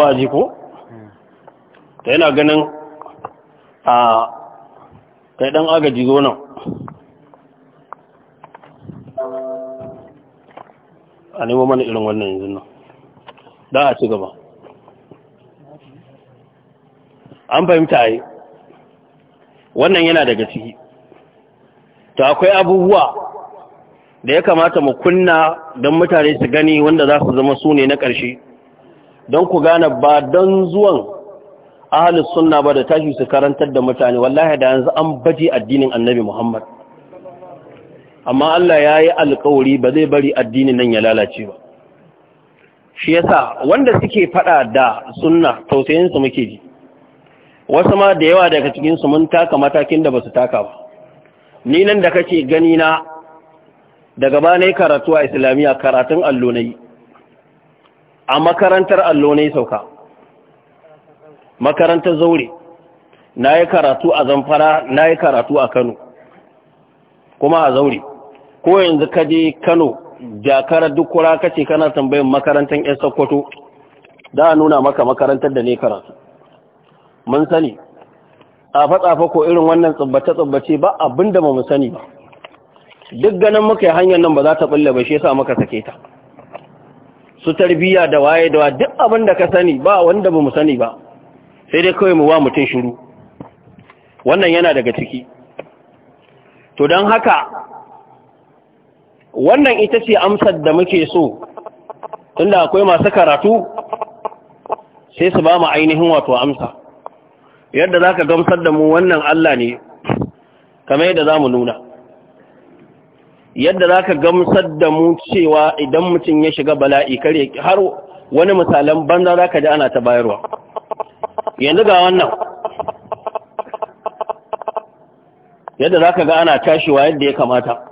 ba ji ko ta yana ganin a kai dan agaji zo nan a nemo mana irin wannan yanzu nan da a ci gaba an fahimta yi wannan yana daga ciki to akwai abubuwa da ya kamata mu kunna don mutane su gani wanda za su zama su ne na ƙarshe don ku gane ba don zuwan ahalus suna ba da tashi su karantar da mutane wallahi da yanzu an baje addinin annabi Muhammad amma Allah ya yi alkawari ba zai bari addinin nan ya lalace ba shi yasa wanda suke fada da sunna tausayinsu muke ji wasu ma da yawa daga cikinsu mun taka matakin da ba su taka ba ni nan da kake gani na daga ba na yi karatu a islamiyya karatun allo na a makarantar allo ne sauka makarantar zaure na yi karatu a zamfara na yi karatu a kano kuma a zaure ko yanzu ka je kano jakar dukura kace kana tambayin makarantar yan sokoto da nuna maka makarantar da ne karatu mun sani a tsafe ko irin wannan tsabbace-tsabbace ba abinda ba mu sani ba duk ganin muka yi hanyar nan ba za ta bulle ba shi yasa muka sake ta su tarbiyya da waye da duk abin da ka sani ba wanda ba mu sani ba sai dai kawai mu ba mutum shiru wannan yana daga ciki to don haka wannan ita ce amsar da muke so tunda akwai masu karatu sai su ba mu ainihin wato amsa yadda za ka gamsar da mu wannan Allah ne kamar yadda za mu nuna yadda za ka gamsar da mu cewa idan mutum ya shiga bala'i kare har wani misalan banza za ka ji ana ta bayarwa yanzu ga wannan yadda za ka ga ana tashiwa yadda ya kamata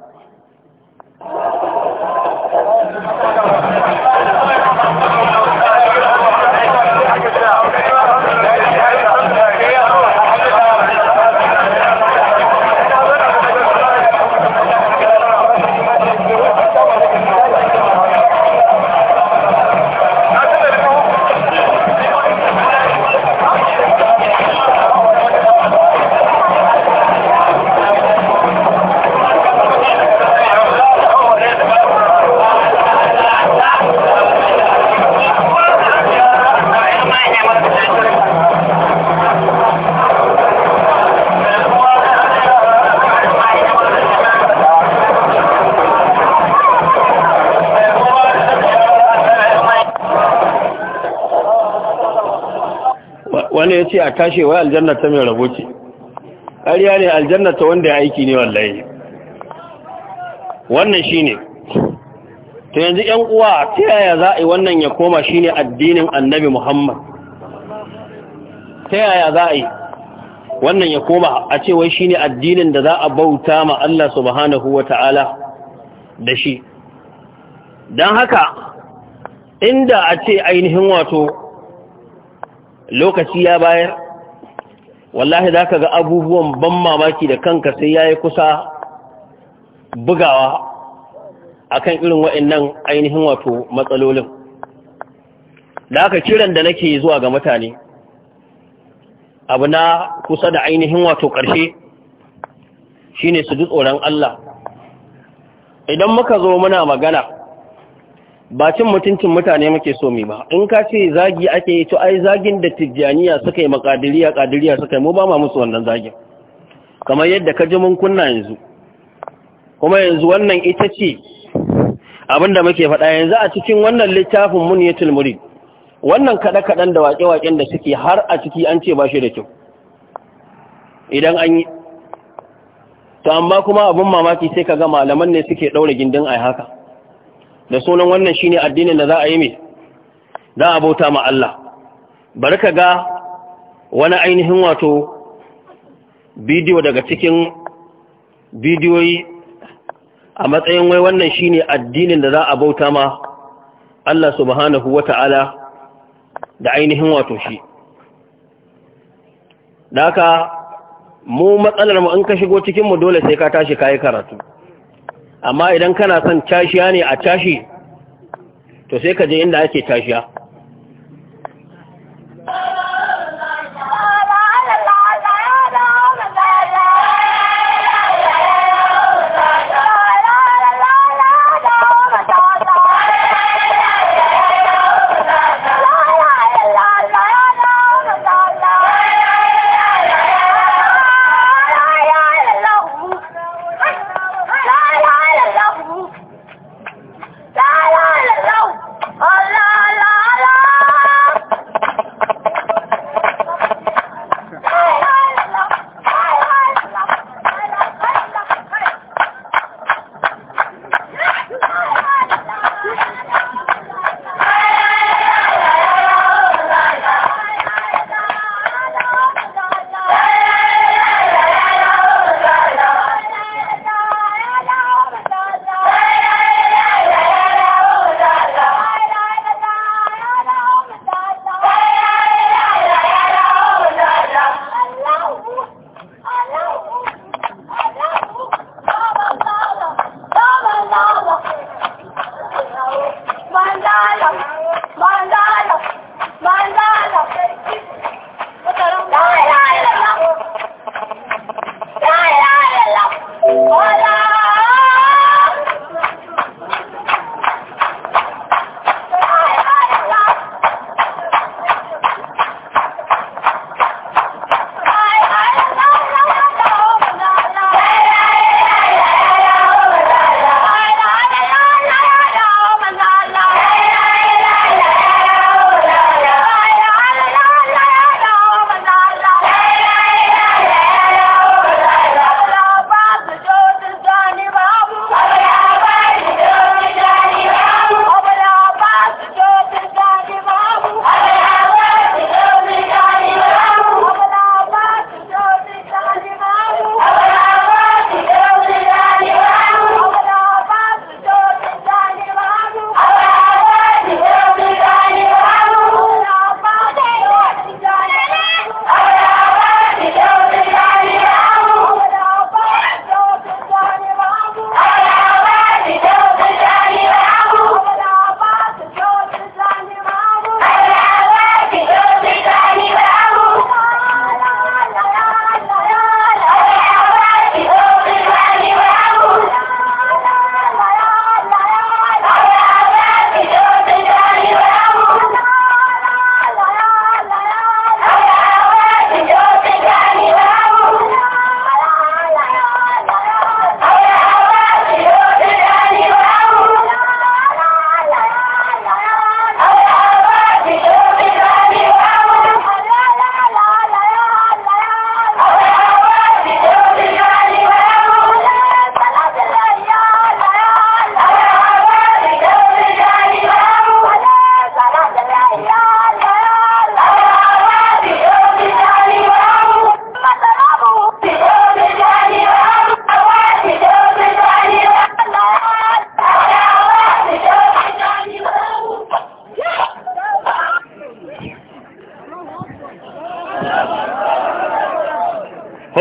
wani ya ce a kashe wai aljanna ta mai rabo ce ƙariya ne aljanna ta wanda ya aiki ne wallahi wannan shi ne ta yanzu ‘yan uwa ta yaya za a yi wannan ya koma shi ne addinin annabi muhammad ta yaya za a yi wannan ya koma a ce wai shi ne addinin da za a bauta ma Allah subhanahu wa ta'ala da shi don haka inda a ce ainihin wato lokaci ya bayar wallahi za ka ga abubuwan ban mamaki da kanka sai ya yi kusa bugawa a kan irin waɗannan ainihin wato matsalolin da aka kiran da nake zuwa ga mutane abu na kusa da ainihin wato ƙarshe shine su ji tsoron Allah idan muka zo muna magana ba cin mutuncin mutane muke so mi ba in ka ce zagi ake yi to ai zagin da tijjaniya suka yi makadiriya kadiriya suka yi mu ba ma musu wannan zagin kamar yadda ka ji mun kunna yanzu kuma yanzu wannan ita ce abinda muke faɗa yanzu a cikin wannan littafin mun ya tilmuri wannan kada kadan da waƙe-waƙen da suke har a ciki an ce ba shi da kyau idan an yi to amma kuma abin mamaki sai ka ga malaman ne suke ɗaure gindin ai haka da sunan wannan shine addinin da za a yi mai za a bauta ma Allah bari ka ga wani ainihin wato bidiyo daga cikin bidiyoyi a matsayin wai wannan shine addinin da za a bauta ma Allah subhanahu wata'ala da ainihin wato shi da aka mu matsalar mu in ka shigo cikinmu dole sai ka tashi kayi karatu amma idan kana son cashiya ne a tashi to sai ka je inda ake cashiya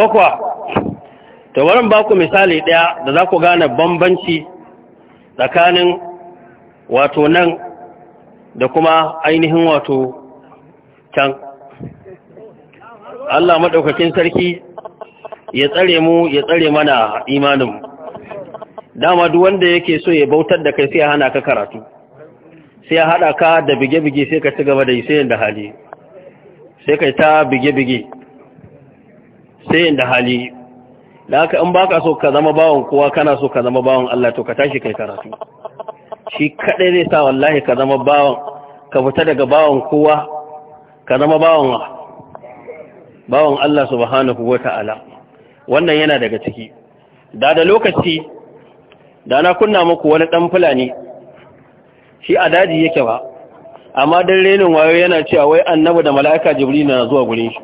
kwa to ba ku misali ɗaya da za ku gane bambanci tsakanin wato nan da kuma ainihin wato can Allah maɗaukakin sarki ya tsare mu ya tsare mana imanin dama duk wanda yake so ya bautar da kai sai ya hana ka karatu sai ya hada ka da bige-bige sai ka ci gaba da yi sai da hali sai kai ta bige-bige sai da hali da haka in baka so ka zama bawon kowa kana so ka zama bawon Allah to ka tashi kai karatu shi kadai zai sa wallahi ka zama bawon ka fita daga bawon kowa ka zama bawon bawon Allah subhanahu wata'ala wannan yana daga ciki da da lokaci da na kunna muku wani dan fulani shi a daji yake ba amma dan renin wayo yana cewa wai annabi da mala'ika jibril na zuwa gurin shi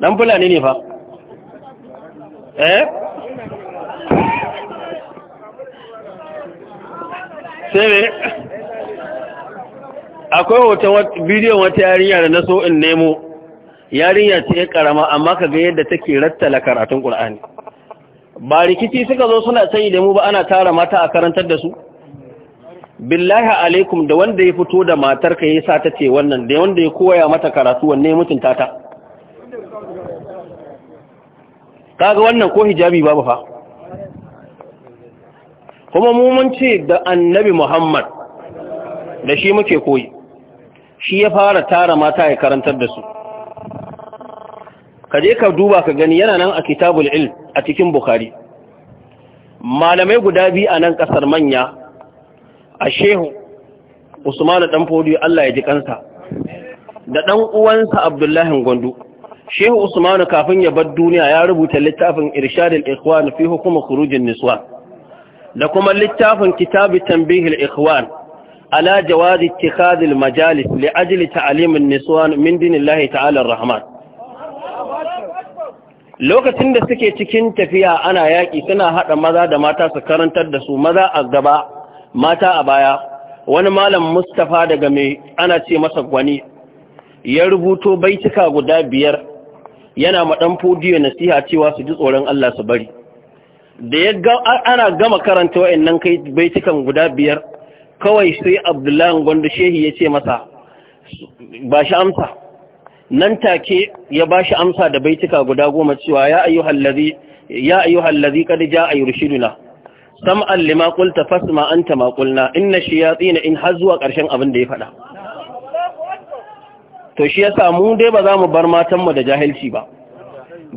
dan fulani ne fa eh sai akwai wata bidiyon wata yarinya da na so in nemo yarinya ce karama amma ka ga yadda take rattala karatun Qur'ani ba rikici suka zo suna sanyi da mu ba ana tara mata a karantar da su billahi alaikum da wanda ya fito da matar ka yasa ta ce wannan da wanda ya koya mata karatu wanne mutunta ta kaga wannan ko hijabi babu fa kuma mu mun ce da annabi Muhammad da shi muke koyi shi ya fara tara mata ya karantar da su ka je ka duba ka gani yana nan a kitabul ilm a cikin bukhari malamai guda biyu a nan kasar manya a shehu usmanu dan Allah ya ji kansa da dan uwansa abdullahi gwandu shehu usmanu kafin ya bar duniya ya rubuta littafin irshadul ikhwan fi hukum khurujin niswa da kuma littafin kitabu tanbihil ikhwan ala jawaz ittikhadh majalis li ajli ta'lim an niswan min dinillahi ta'ala arrahman lokacin da suke cikin tafiya ana yaki suna hada maza da mata su karantar da su maza a gaba mata a baya wani malam mustafa daga mai ana ce masa gwani ya rubuto baicika guda biyar yana ma dan fodiyo nasiha cewa su ji tsoron Allah su bari da ya ana gama karanta wayannan kai baitukan guda biyar kawai sai Abdullahi gwanda Shehi ya ce masa ba shi amsa nan take ya ba shi amsa da baituka guda goma cewa ya ayyuhal ladhi ya ayyuhal ladhi qad jaa yurshiduna sam'an lima qulta fasma in na shi ya tsina in zuwa ƙarshen abin da ya faɗa to shi yasa mu dai ba za mu bar matanmu da jahilci ba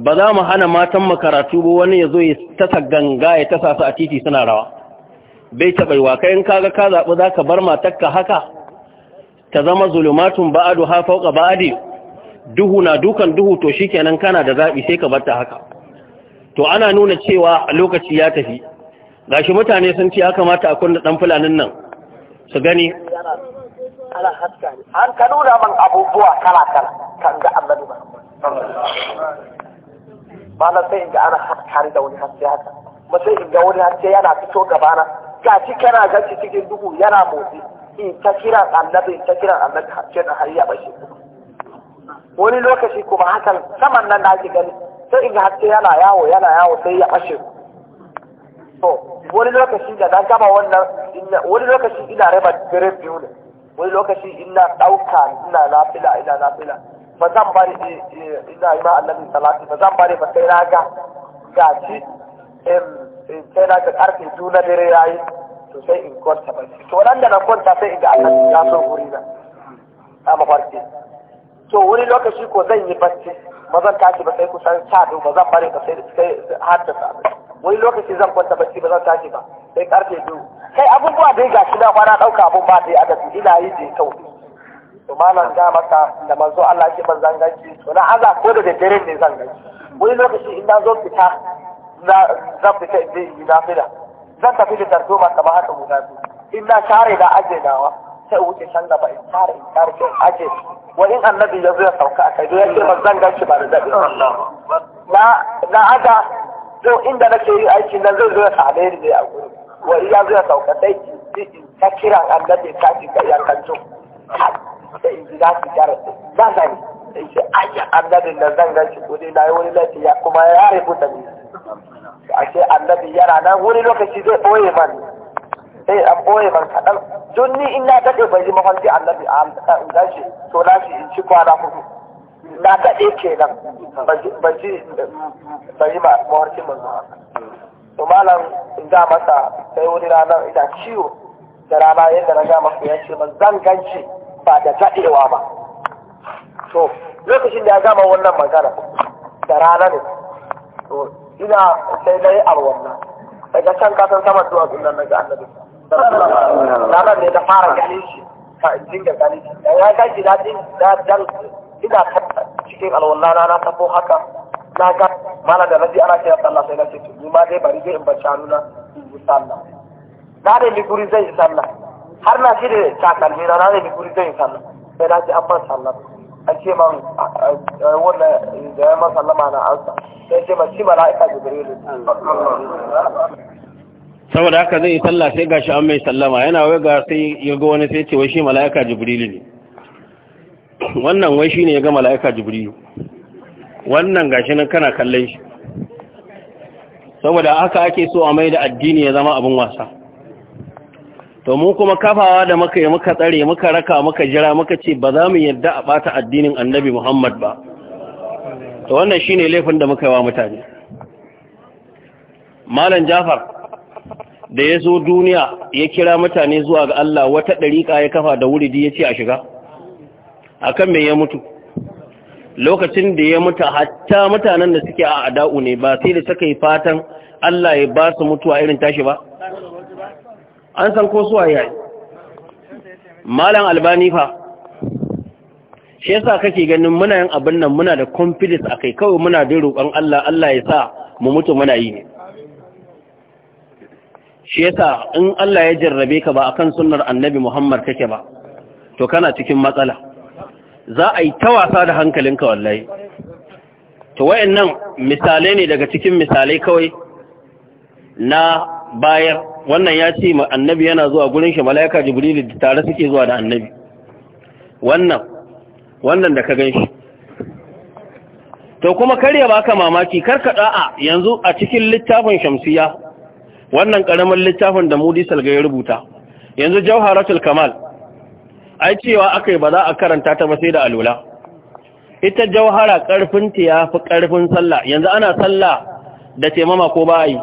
ba za mu hana matanmu karatu ba wani ya zo ya tasa ganga ya tasa su a titi suna rawa bai taɓaiwa in kaga ka zaɓi za ka bar matakka haka ta zama zulumatun ba'adu ha fauka ba'adi duhu na dukan duhu to shi kenan kana da zaɓi sai ka bar ta haka to ana nuna cewa lokaci ya tafi gashi mutane sun ce ya kamata a kunna dan fulanin nan su gani ala haska ne an ka nuna man abubuwa kala kala kan ga annabi ba malam sai inda ana haskari da wani haske haka Ba masai inda wani haske yana fito gabana ga shi kana ganci cikin duhu yana motsi in ta kiran annabi in ta kiran annabi haske da har ya bashi wani lokaci kuma hakan saman nan da ake gani sai in haske yana yawo yana yawo sai ya fashe to wani lokaci da na gama wannan wani lokaci ina raba dare biyu ne wani lokaci ina ɗauka ina nafila ina nafila ba zan bari eh, eh, ina yi ma annabi salati ba zan bari ba sai na ga gaci sai na ga karfe juna dare yayi to sai in kwanta ba to nan da na kwanta sai in ga annabi ya so guri na a mafarki to wani lokaci ko zan yi bacci ba zan tashi ba sai kusan sha ba zan bari ba sai har da sa'a wani lokaci zan kwanta bacci ba zan tashi ba sai karfe biyu kai abubuwa dai ga shi na kwana ɗauka abun ba dai adadi ina yi da kyau to malam ga maka da manzo Allah ke ban zan ganci to na aza ko da daddare ne zan ganci wani lokaci in na zo fita na zan fita in je ina nafila zan tafi da ba kamar haka guda biyu in na share na aje nawa sai wuce can gaba in share in karfe aje wa in annabi ya zo ya sauka a kai ya ce ban zan ganci ba da daɗi na na aza don inda ke yi aiki nan zai zo ya same ni ne a gurin wa iya zo ya sauka dai ta kira an ta ki ga yankancin sai in ji za su gyara za za ni sai ce ayya annabin nan zan ganci ko dai na yi wani laifi ya kuma ya rubuta ni a ce annabi yara nan wani lokaci zai ɓoye man sai an ɓoye man kaɗan don ni ina daɗe bai yi mafarki annabi a ganci to na shi in ci kwana hudu na kaɗe ke nan ba ji ba yi ba mawarkin manzo to malam in ga masa sai wani ranar ina ciwo da rana yadda na ga masa ya ce zan ganci ba da daɗewa ba to lokacin da ya gama wannan magana da rana ne to ina sai na yi arwanna daga can kasan saman zuwa nan na ga annabi ranar ne da fara ganin shi ka dinga ganin shi da ya gaji na dan ina cikin alwallana na tabo haka na ga mana da naji ana kira sallah sai na ce to ni ma dai bari zai in shanu na in yi sallah na dai ni guri zai sallah har na shi da takalmi na na dai ni guri zai sallah sai na ji an ban sallah an ce man wannan da ya masa lama na ansa sai ce ma shi mala'ika jibrilu saboda haka zai yi sallah sai gashi an mai sallama yana wai ga sai ya ga wani sai ce wai shi mala'ika jibrilu ne wannan wai ne ya ga mala'ika jibrilu wannan gashi nan kana kallon shi saboda haka ake so a mai da addini ya zama abin wasa to mu kuma kafawa da muka yi muka tsare muka raka muka jira muka ce ba za mu yadda a bata addinin annabi muhammad ba to wannan shi ne laifin da muka yi wa mutane malam jafar da ya zo duniya ya kira mutane zuwa ga allah wata ɗariƙa ya kafa da wuridi ya ce a shiga akan me ya mutu lokacin da ya mutu hatta mutanen da suke a ada'u ne ba sai da suka yi fatan Allah ya ba su mutuwa irin tashi ba an san ko suwa yayi malam albani fa shi yasa kake ganin muna yin abin nan muna da confidence akai kawai muna da roƙon Allah Allah ya sa mu mutu muna yi ne shi yasa in Allah ya jarrabe ka ba akan sunnar annabi Muhammad kake ba to kana cikin matsala za a yi ta wasa da hankalinka wallahi to wayannan misalai ne daga cikin misalai kawai na bayar wannan ya ce annabi yana zuwa gurin shi mala'ika jibrilu da tare suke zuwa da annabi wannan wannan da ka gan shi to kuma karya baka mamaki karka da'a yanzu a cikin littafin shamsiya wannan ƙaramin littafin da mudi salga ya rubuta yanzu jawharatul kamal ai cewa akai ba za a karanta ta ba sai da alula ita jawhara karfin ta ya fi karfin sallah yanzu ana sallah da taimama ko ba yi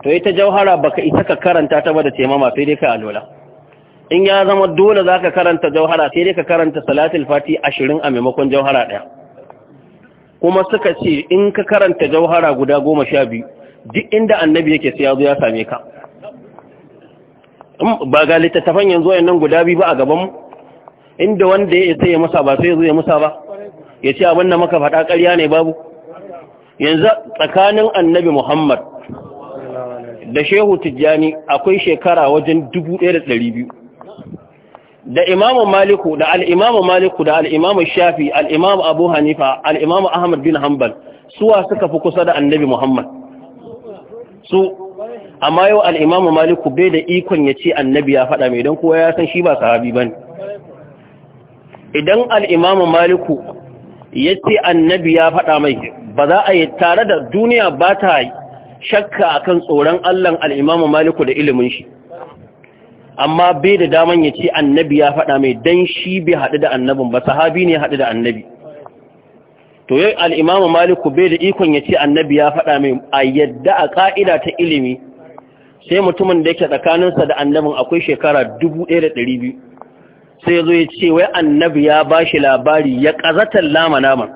to ita jawhara baka isa ka karanta ta ba da taimama sai dai ka alula in ya zama dole zaka karanta jawhara sai dai ka karanta salatul fati 20 a maimakon jawhara daya kuma suka ce in ka karanta jawhara guda goma sha biyu duk inda annabi yake sai ya zo ya same ka ba ga littattafan yanzu nan guda biyu ba a gaban mu inda wanda ya isa ya musa ba sai ya zo ya musa ba ya ce abin da maka faɗa ƙarya ne babu yanzu tsakanin annabi muhammad da shehu tijjani akwai shekara wajen dubu ɗaya da da imamu maliku da al'imamu maliku da al'imamu shafi al'imamu abu hanifa al'imamu ahmad bin hanbal suwa suka fi kusa da annabi muhammad su amma yau al'imamu maliku bai da ikon ya ce annabi ya faɗa mai don kowa ya san shi ba sahabi ba ne idan al'imamu maliku ya ce annabi ya faɗa mai ba za a yi tare da duniya ba ta shakka a kan tsoron allon al'imamu maliku da ilimin shi amma bai da daman ya ce annabi ya faɗa mai don shi bai haɗu da annabin ba sahabi ne haɗu da annabi to yi al'imamu maliku bai da ikon ya ce annabi ya faɗa mai a yadda a ƙa'ida ta ilimi sai mutumin da yake tsakaninsa da annabin akwai shekara dubu ɗaya da ɗari biyu. sai zo ya ce wai annabi ya ba shi labari ya ƙazatar lama naman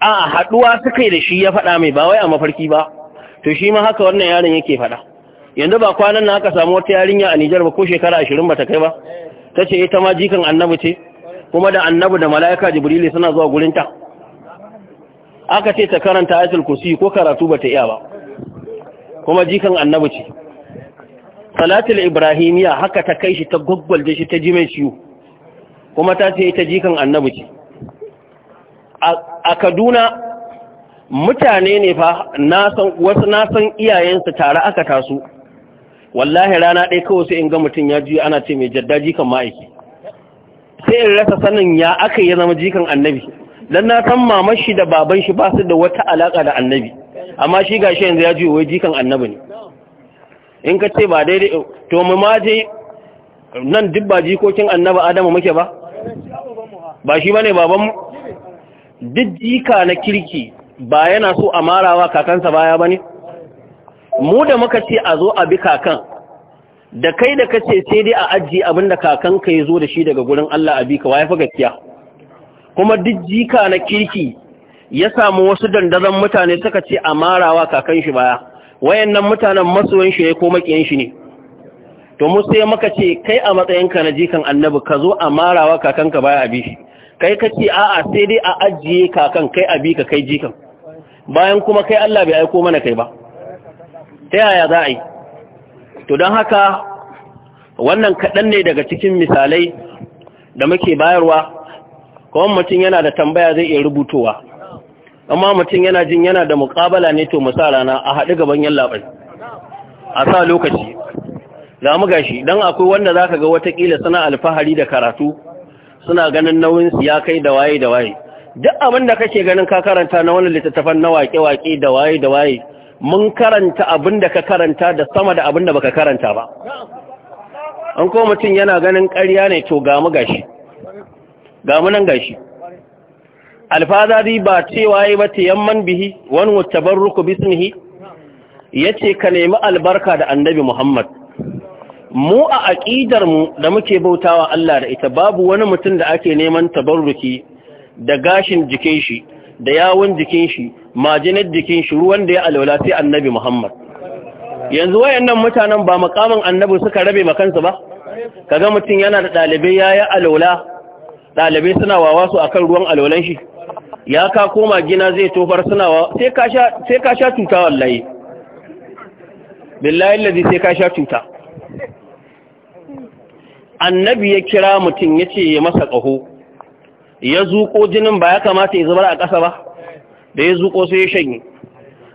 a haɗuwa suka yi da shi ya faɗa mai ba wai a mafarki ba to shi ma haka wannan yaron yake faɗa yanzu ba kwanan na aka samu wata yarinya a nijar ba ko shekara ashirin ba ta kai ba ta ce ita ma jikan annabi ce kuma da annabi da mala'ika jibrili suna zuwa gurinta aka ce ta karanta ayatul kursi ko karatu ba ta iya ba kuma jikan annabi ce salatul ibrahimiya haka ta kai shi ta gwaggwalje shi ta ji mai ciwo kuma ta ce ita jikan annabi ce a kaduna mutane ne fa wasu nasan iyayensu tare aka taso wallahi rana ɗaya kawai sai in ga mutum ya juya ana ce mai jadda jikan ma'aiki sai in rasa sanin ya aka yi zama jikan annabi don na san maman shi da baban shi ba su da wata alaƙa da annabi amma shi gashi yanzu ya juya wai jikan annabi ne in ka ce ba daidai to mu ma je nan duk ba jikokin annaba adamu muke ba ba shi bane babanmu duk jika na kirki ba yana so a marawa kakansa baya bane mu da muka ce a zo a bi kakan da kai da kace sai dai a ajiye abinda kakan ka zo da shi daga gurin Allah a bi ka wai fa gaskiya kuma duk jika na kirki ya samu wasu dandazon mutane suka ce a marawa kakan shi baya wayannan mutanen masoyan shi ya ko makiyan shi ne to mu sai maka ce kai a matsayinka na jikan annabi ka zo a marawa kakanka baya abi shi kai ka ce a'a sai dai a ajiye kakan kai abi ka kai jikan bayan kuma kai Allah bai aiko mana kai ba ta yaya za a yi to don haka wannan kaɗan ne daga cikin misalai da muke bayarwa kawai mutum yana da tambaya zai iya rubutowa amma mutum yana jin yana da muƙabala ne to musa rana a haɗu gaban yallaɓai a sa lokaci za mu gashi dan akwai wanda zaka ga watakila suna alfahari da karatu suna ganin nauyin su ya kai da waye da waye duk abin da kake ganin ka karanta na wannan littattafan na waƙe-waƙe da waye da waye mun karanta abin da ka karanta da sama da abin da baka karanta ba an ko mutum yana ganin ƙarya ne to gamu gashi ga nan gashi alfazari ba ce waye ba yamman bihi wani wacce barruku bisnihi ya ce ka nemi albarka da annabi muhammad mu a aƙidar mu da muke bautawa Allah da ita babu wani mutum da ake neman tabarruki da gashin jikin shi da yawon jikin shi majinar jikin shi ruwan da ya alwala sai annabi Muhammad yanzu wayannan mutanen ba makamin annabi suka rabe kansu ba kaga mutum yana da dalibai yayi alwala dalibai suna wawa su akan ruwan alwalan shi ya ka koma gina zai tofar suna wa sai ka sha sai ka sha tuta wallahi billahi allazi sai ka sha tuta annabi ya kira mutum ya ce ya masa ƙaho ya zuƙo jinin ba ya kamata ya zubar a ƙasa ba da ya zuƙo sai ya shanye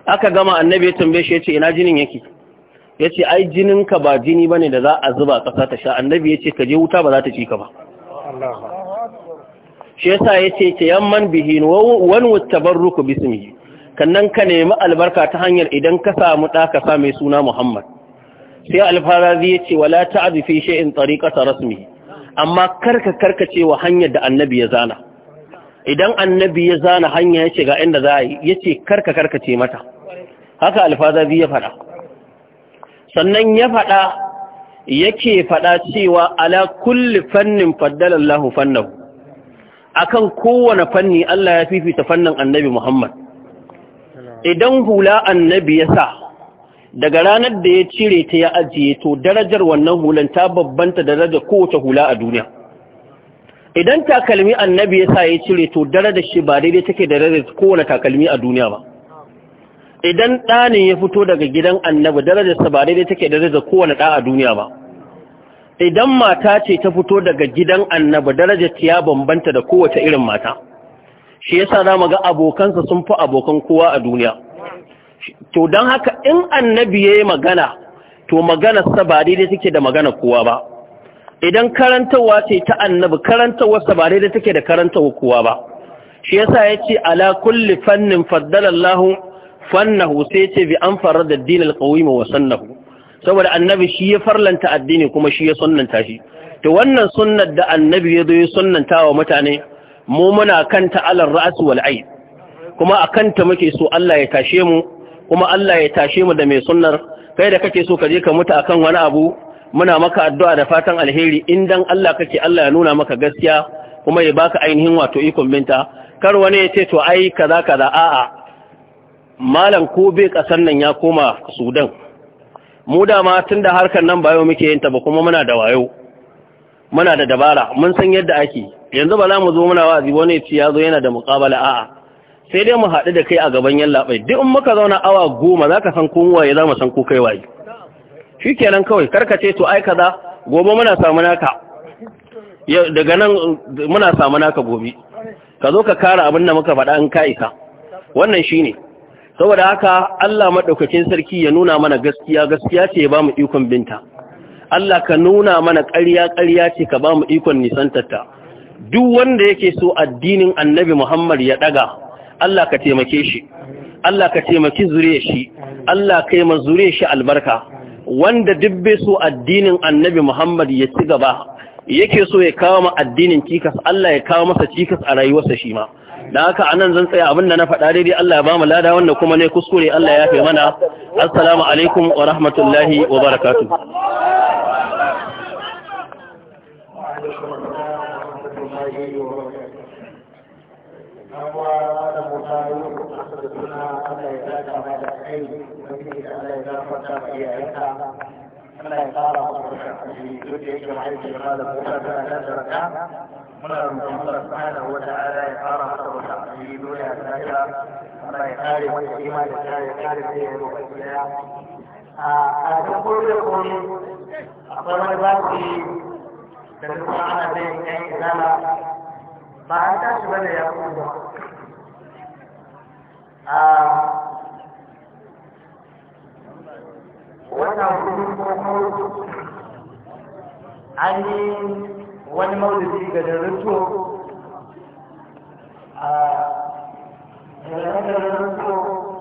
aka gama annabi ya tambaye shi ya ce ina jinin yake ya ce ai jininka ba jini ba ne da za a zuba ƙasa ta sha annabi ya ce ka je wuta ba za ta ci ka ba shi sa ya ce ke yamman bihin wani wuttabar barruku bismi kannan ka nemi albarka ta hanyar idan ka samu ɗa ka sa mai suna muhammad sai alfarazi ya ce wala ta'adu fi shay'in tariqata rasmi amma karka karkace wa hanyar da annabi ya zana idan annabi ya zana hanya ya ce inda za yi yace ce karka karkace mata haka alfarazi ya faɗa sannan ya faɗa yake faɗa cewa ala kulli fannin faddala Allahu fannahu akan kowane fanni Allah ya fifita fannin annabi Muhammad idan hula annabi ya sa daga ranar da ya cire ta ya ajiye to darajar wannan hulan ta babbanta da darajar kowace hula a duniya idan takalmi annabi ya sa ya cire to darajar shi ba daidai take da darajar kowane takalmi a duniya ba idan ɗanin ya fito daga gidan annabi darajar sa ba daidai take da darajar kowane ɗa a duniya ba idan mata ce ta fito daga gidan annabi darajar ta ya bambanta da kowace irin mata shi yasa zamu ga abokansa sun fi abokan kowa a duniya to don haka in annabi ya yi magana to maganarsa ba daidai take da magana kowa ba idan karantarwa ce ta annabi karantarwarsa ba daidai take da karantarwa kowa ba shi yasa ya ce ala kulli fannin faddalallahu fannahu sai ce bi an farar da dinil qawima wa sannahu saboda annabi shi ya farlanta addini kuma shi ya sunnanta shi to wannan sunnar da annabi ya zo ya sunnanta wa mutane mu muna kanta alar ra'su wal ayn kuma kanta muke so Allah ya tashe mu kuma Allah ya tashe mu da mai sunnar kai da kake so ka je ka mutu akan wani abu muna maka addu'a da fatan alheri in dan Allah kake Allah ya nuna maka gaskiya kuma ya baka ainihin wato ikon binta kar wani ya ce to ai kaza kaza a'a malam ko bai kasan nan ya koma Sudan mu dama tunda harkar nan bayo muke yin ta ba kuma muna da wayo muna da dabara mun san yadda ake yanzu ba za mu zo muna wa'azi wani ci ya zo yana da muƙabala a'a sai dai mu haɗu da kai a gaban yallaɓai duk in muka zauna awa goma za ka san mu waye za mu san ko kai waye shi kenan kawai karkace to ai kaza gobe muna samu naka daga nan muna samu naka gobe ka zo ka kara abin da muka faɗa in ka isa wannan shine saboda haka Allah madaukakin sarki ya nuna mana gaskiya gaskiya ce ya mu ikon binta Allah ka nuna mana ƙarya ƙarya ce ka ba mu ikon nisantarta duk wanda yake so addinin Annabi Muhammad ya ɗaga. Allah ka taimake shi Allah ka taimaki zure shi Allah ka yi mazuriyar shi albarka wanda dubbe so addinin annabi Muhammad ya ci gaba yake so ya kawo ma addinin cikas Allah ya kawo masa cikas a rayuwarsa shi ma da haka anan zan tsaya abin da na faɗa daidai Allah ya ba mu lada wanda kuma ne kuskure Allah ya fi mana assalamu alaikum wa rahmatullahi wa barakatu. Thank you. muna roƙon Allah subhanahu wa ta'ala ya fara masa wata asiri duniya da lafiya Allah ya kare mu da imani da kare kare mu da roƙon daya a a ta gobe kun akwai wani baki da duk ana da yan izala ba an tashi bane ya kuma a wannan kudin koko an yi wani maulidi ga a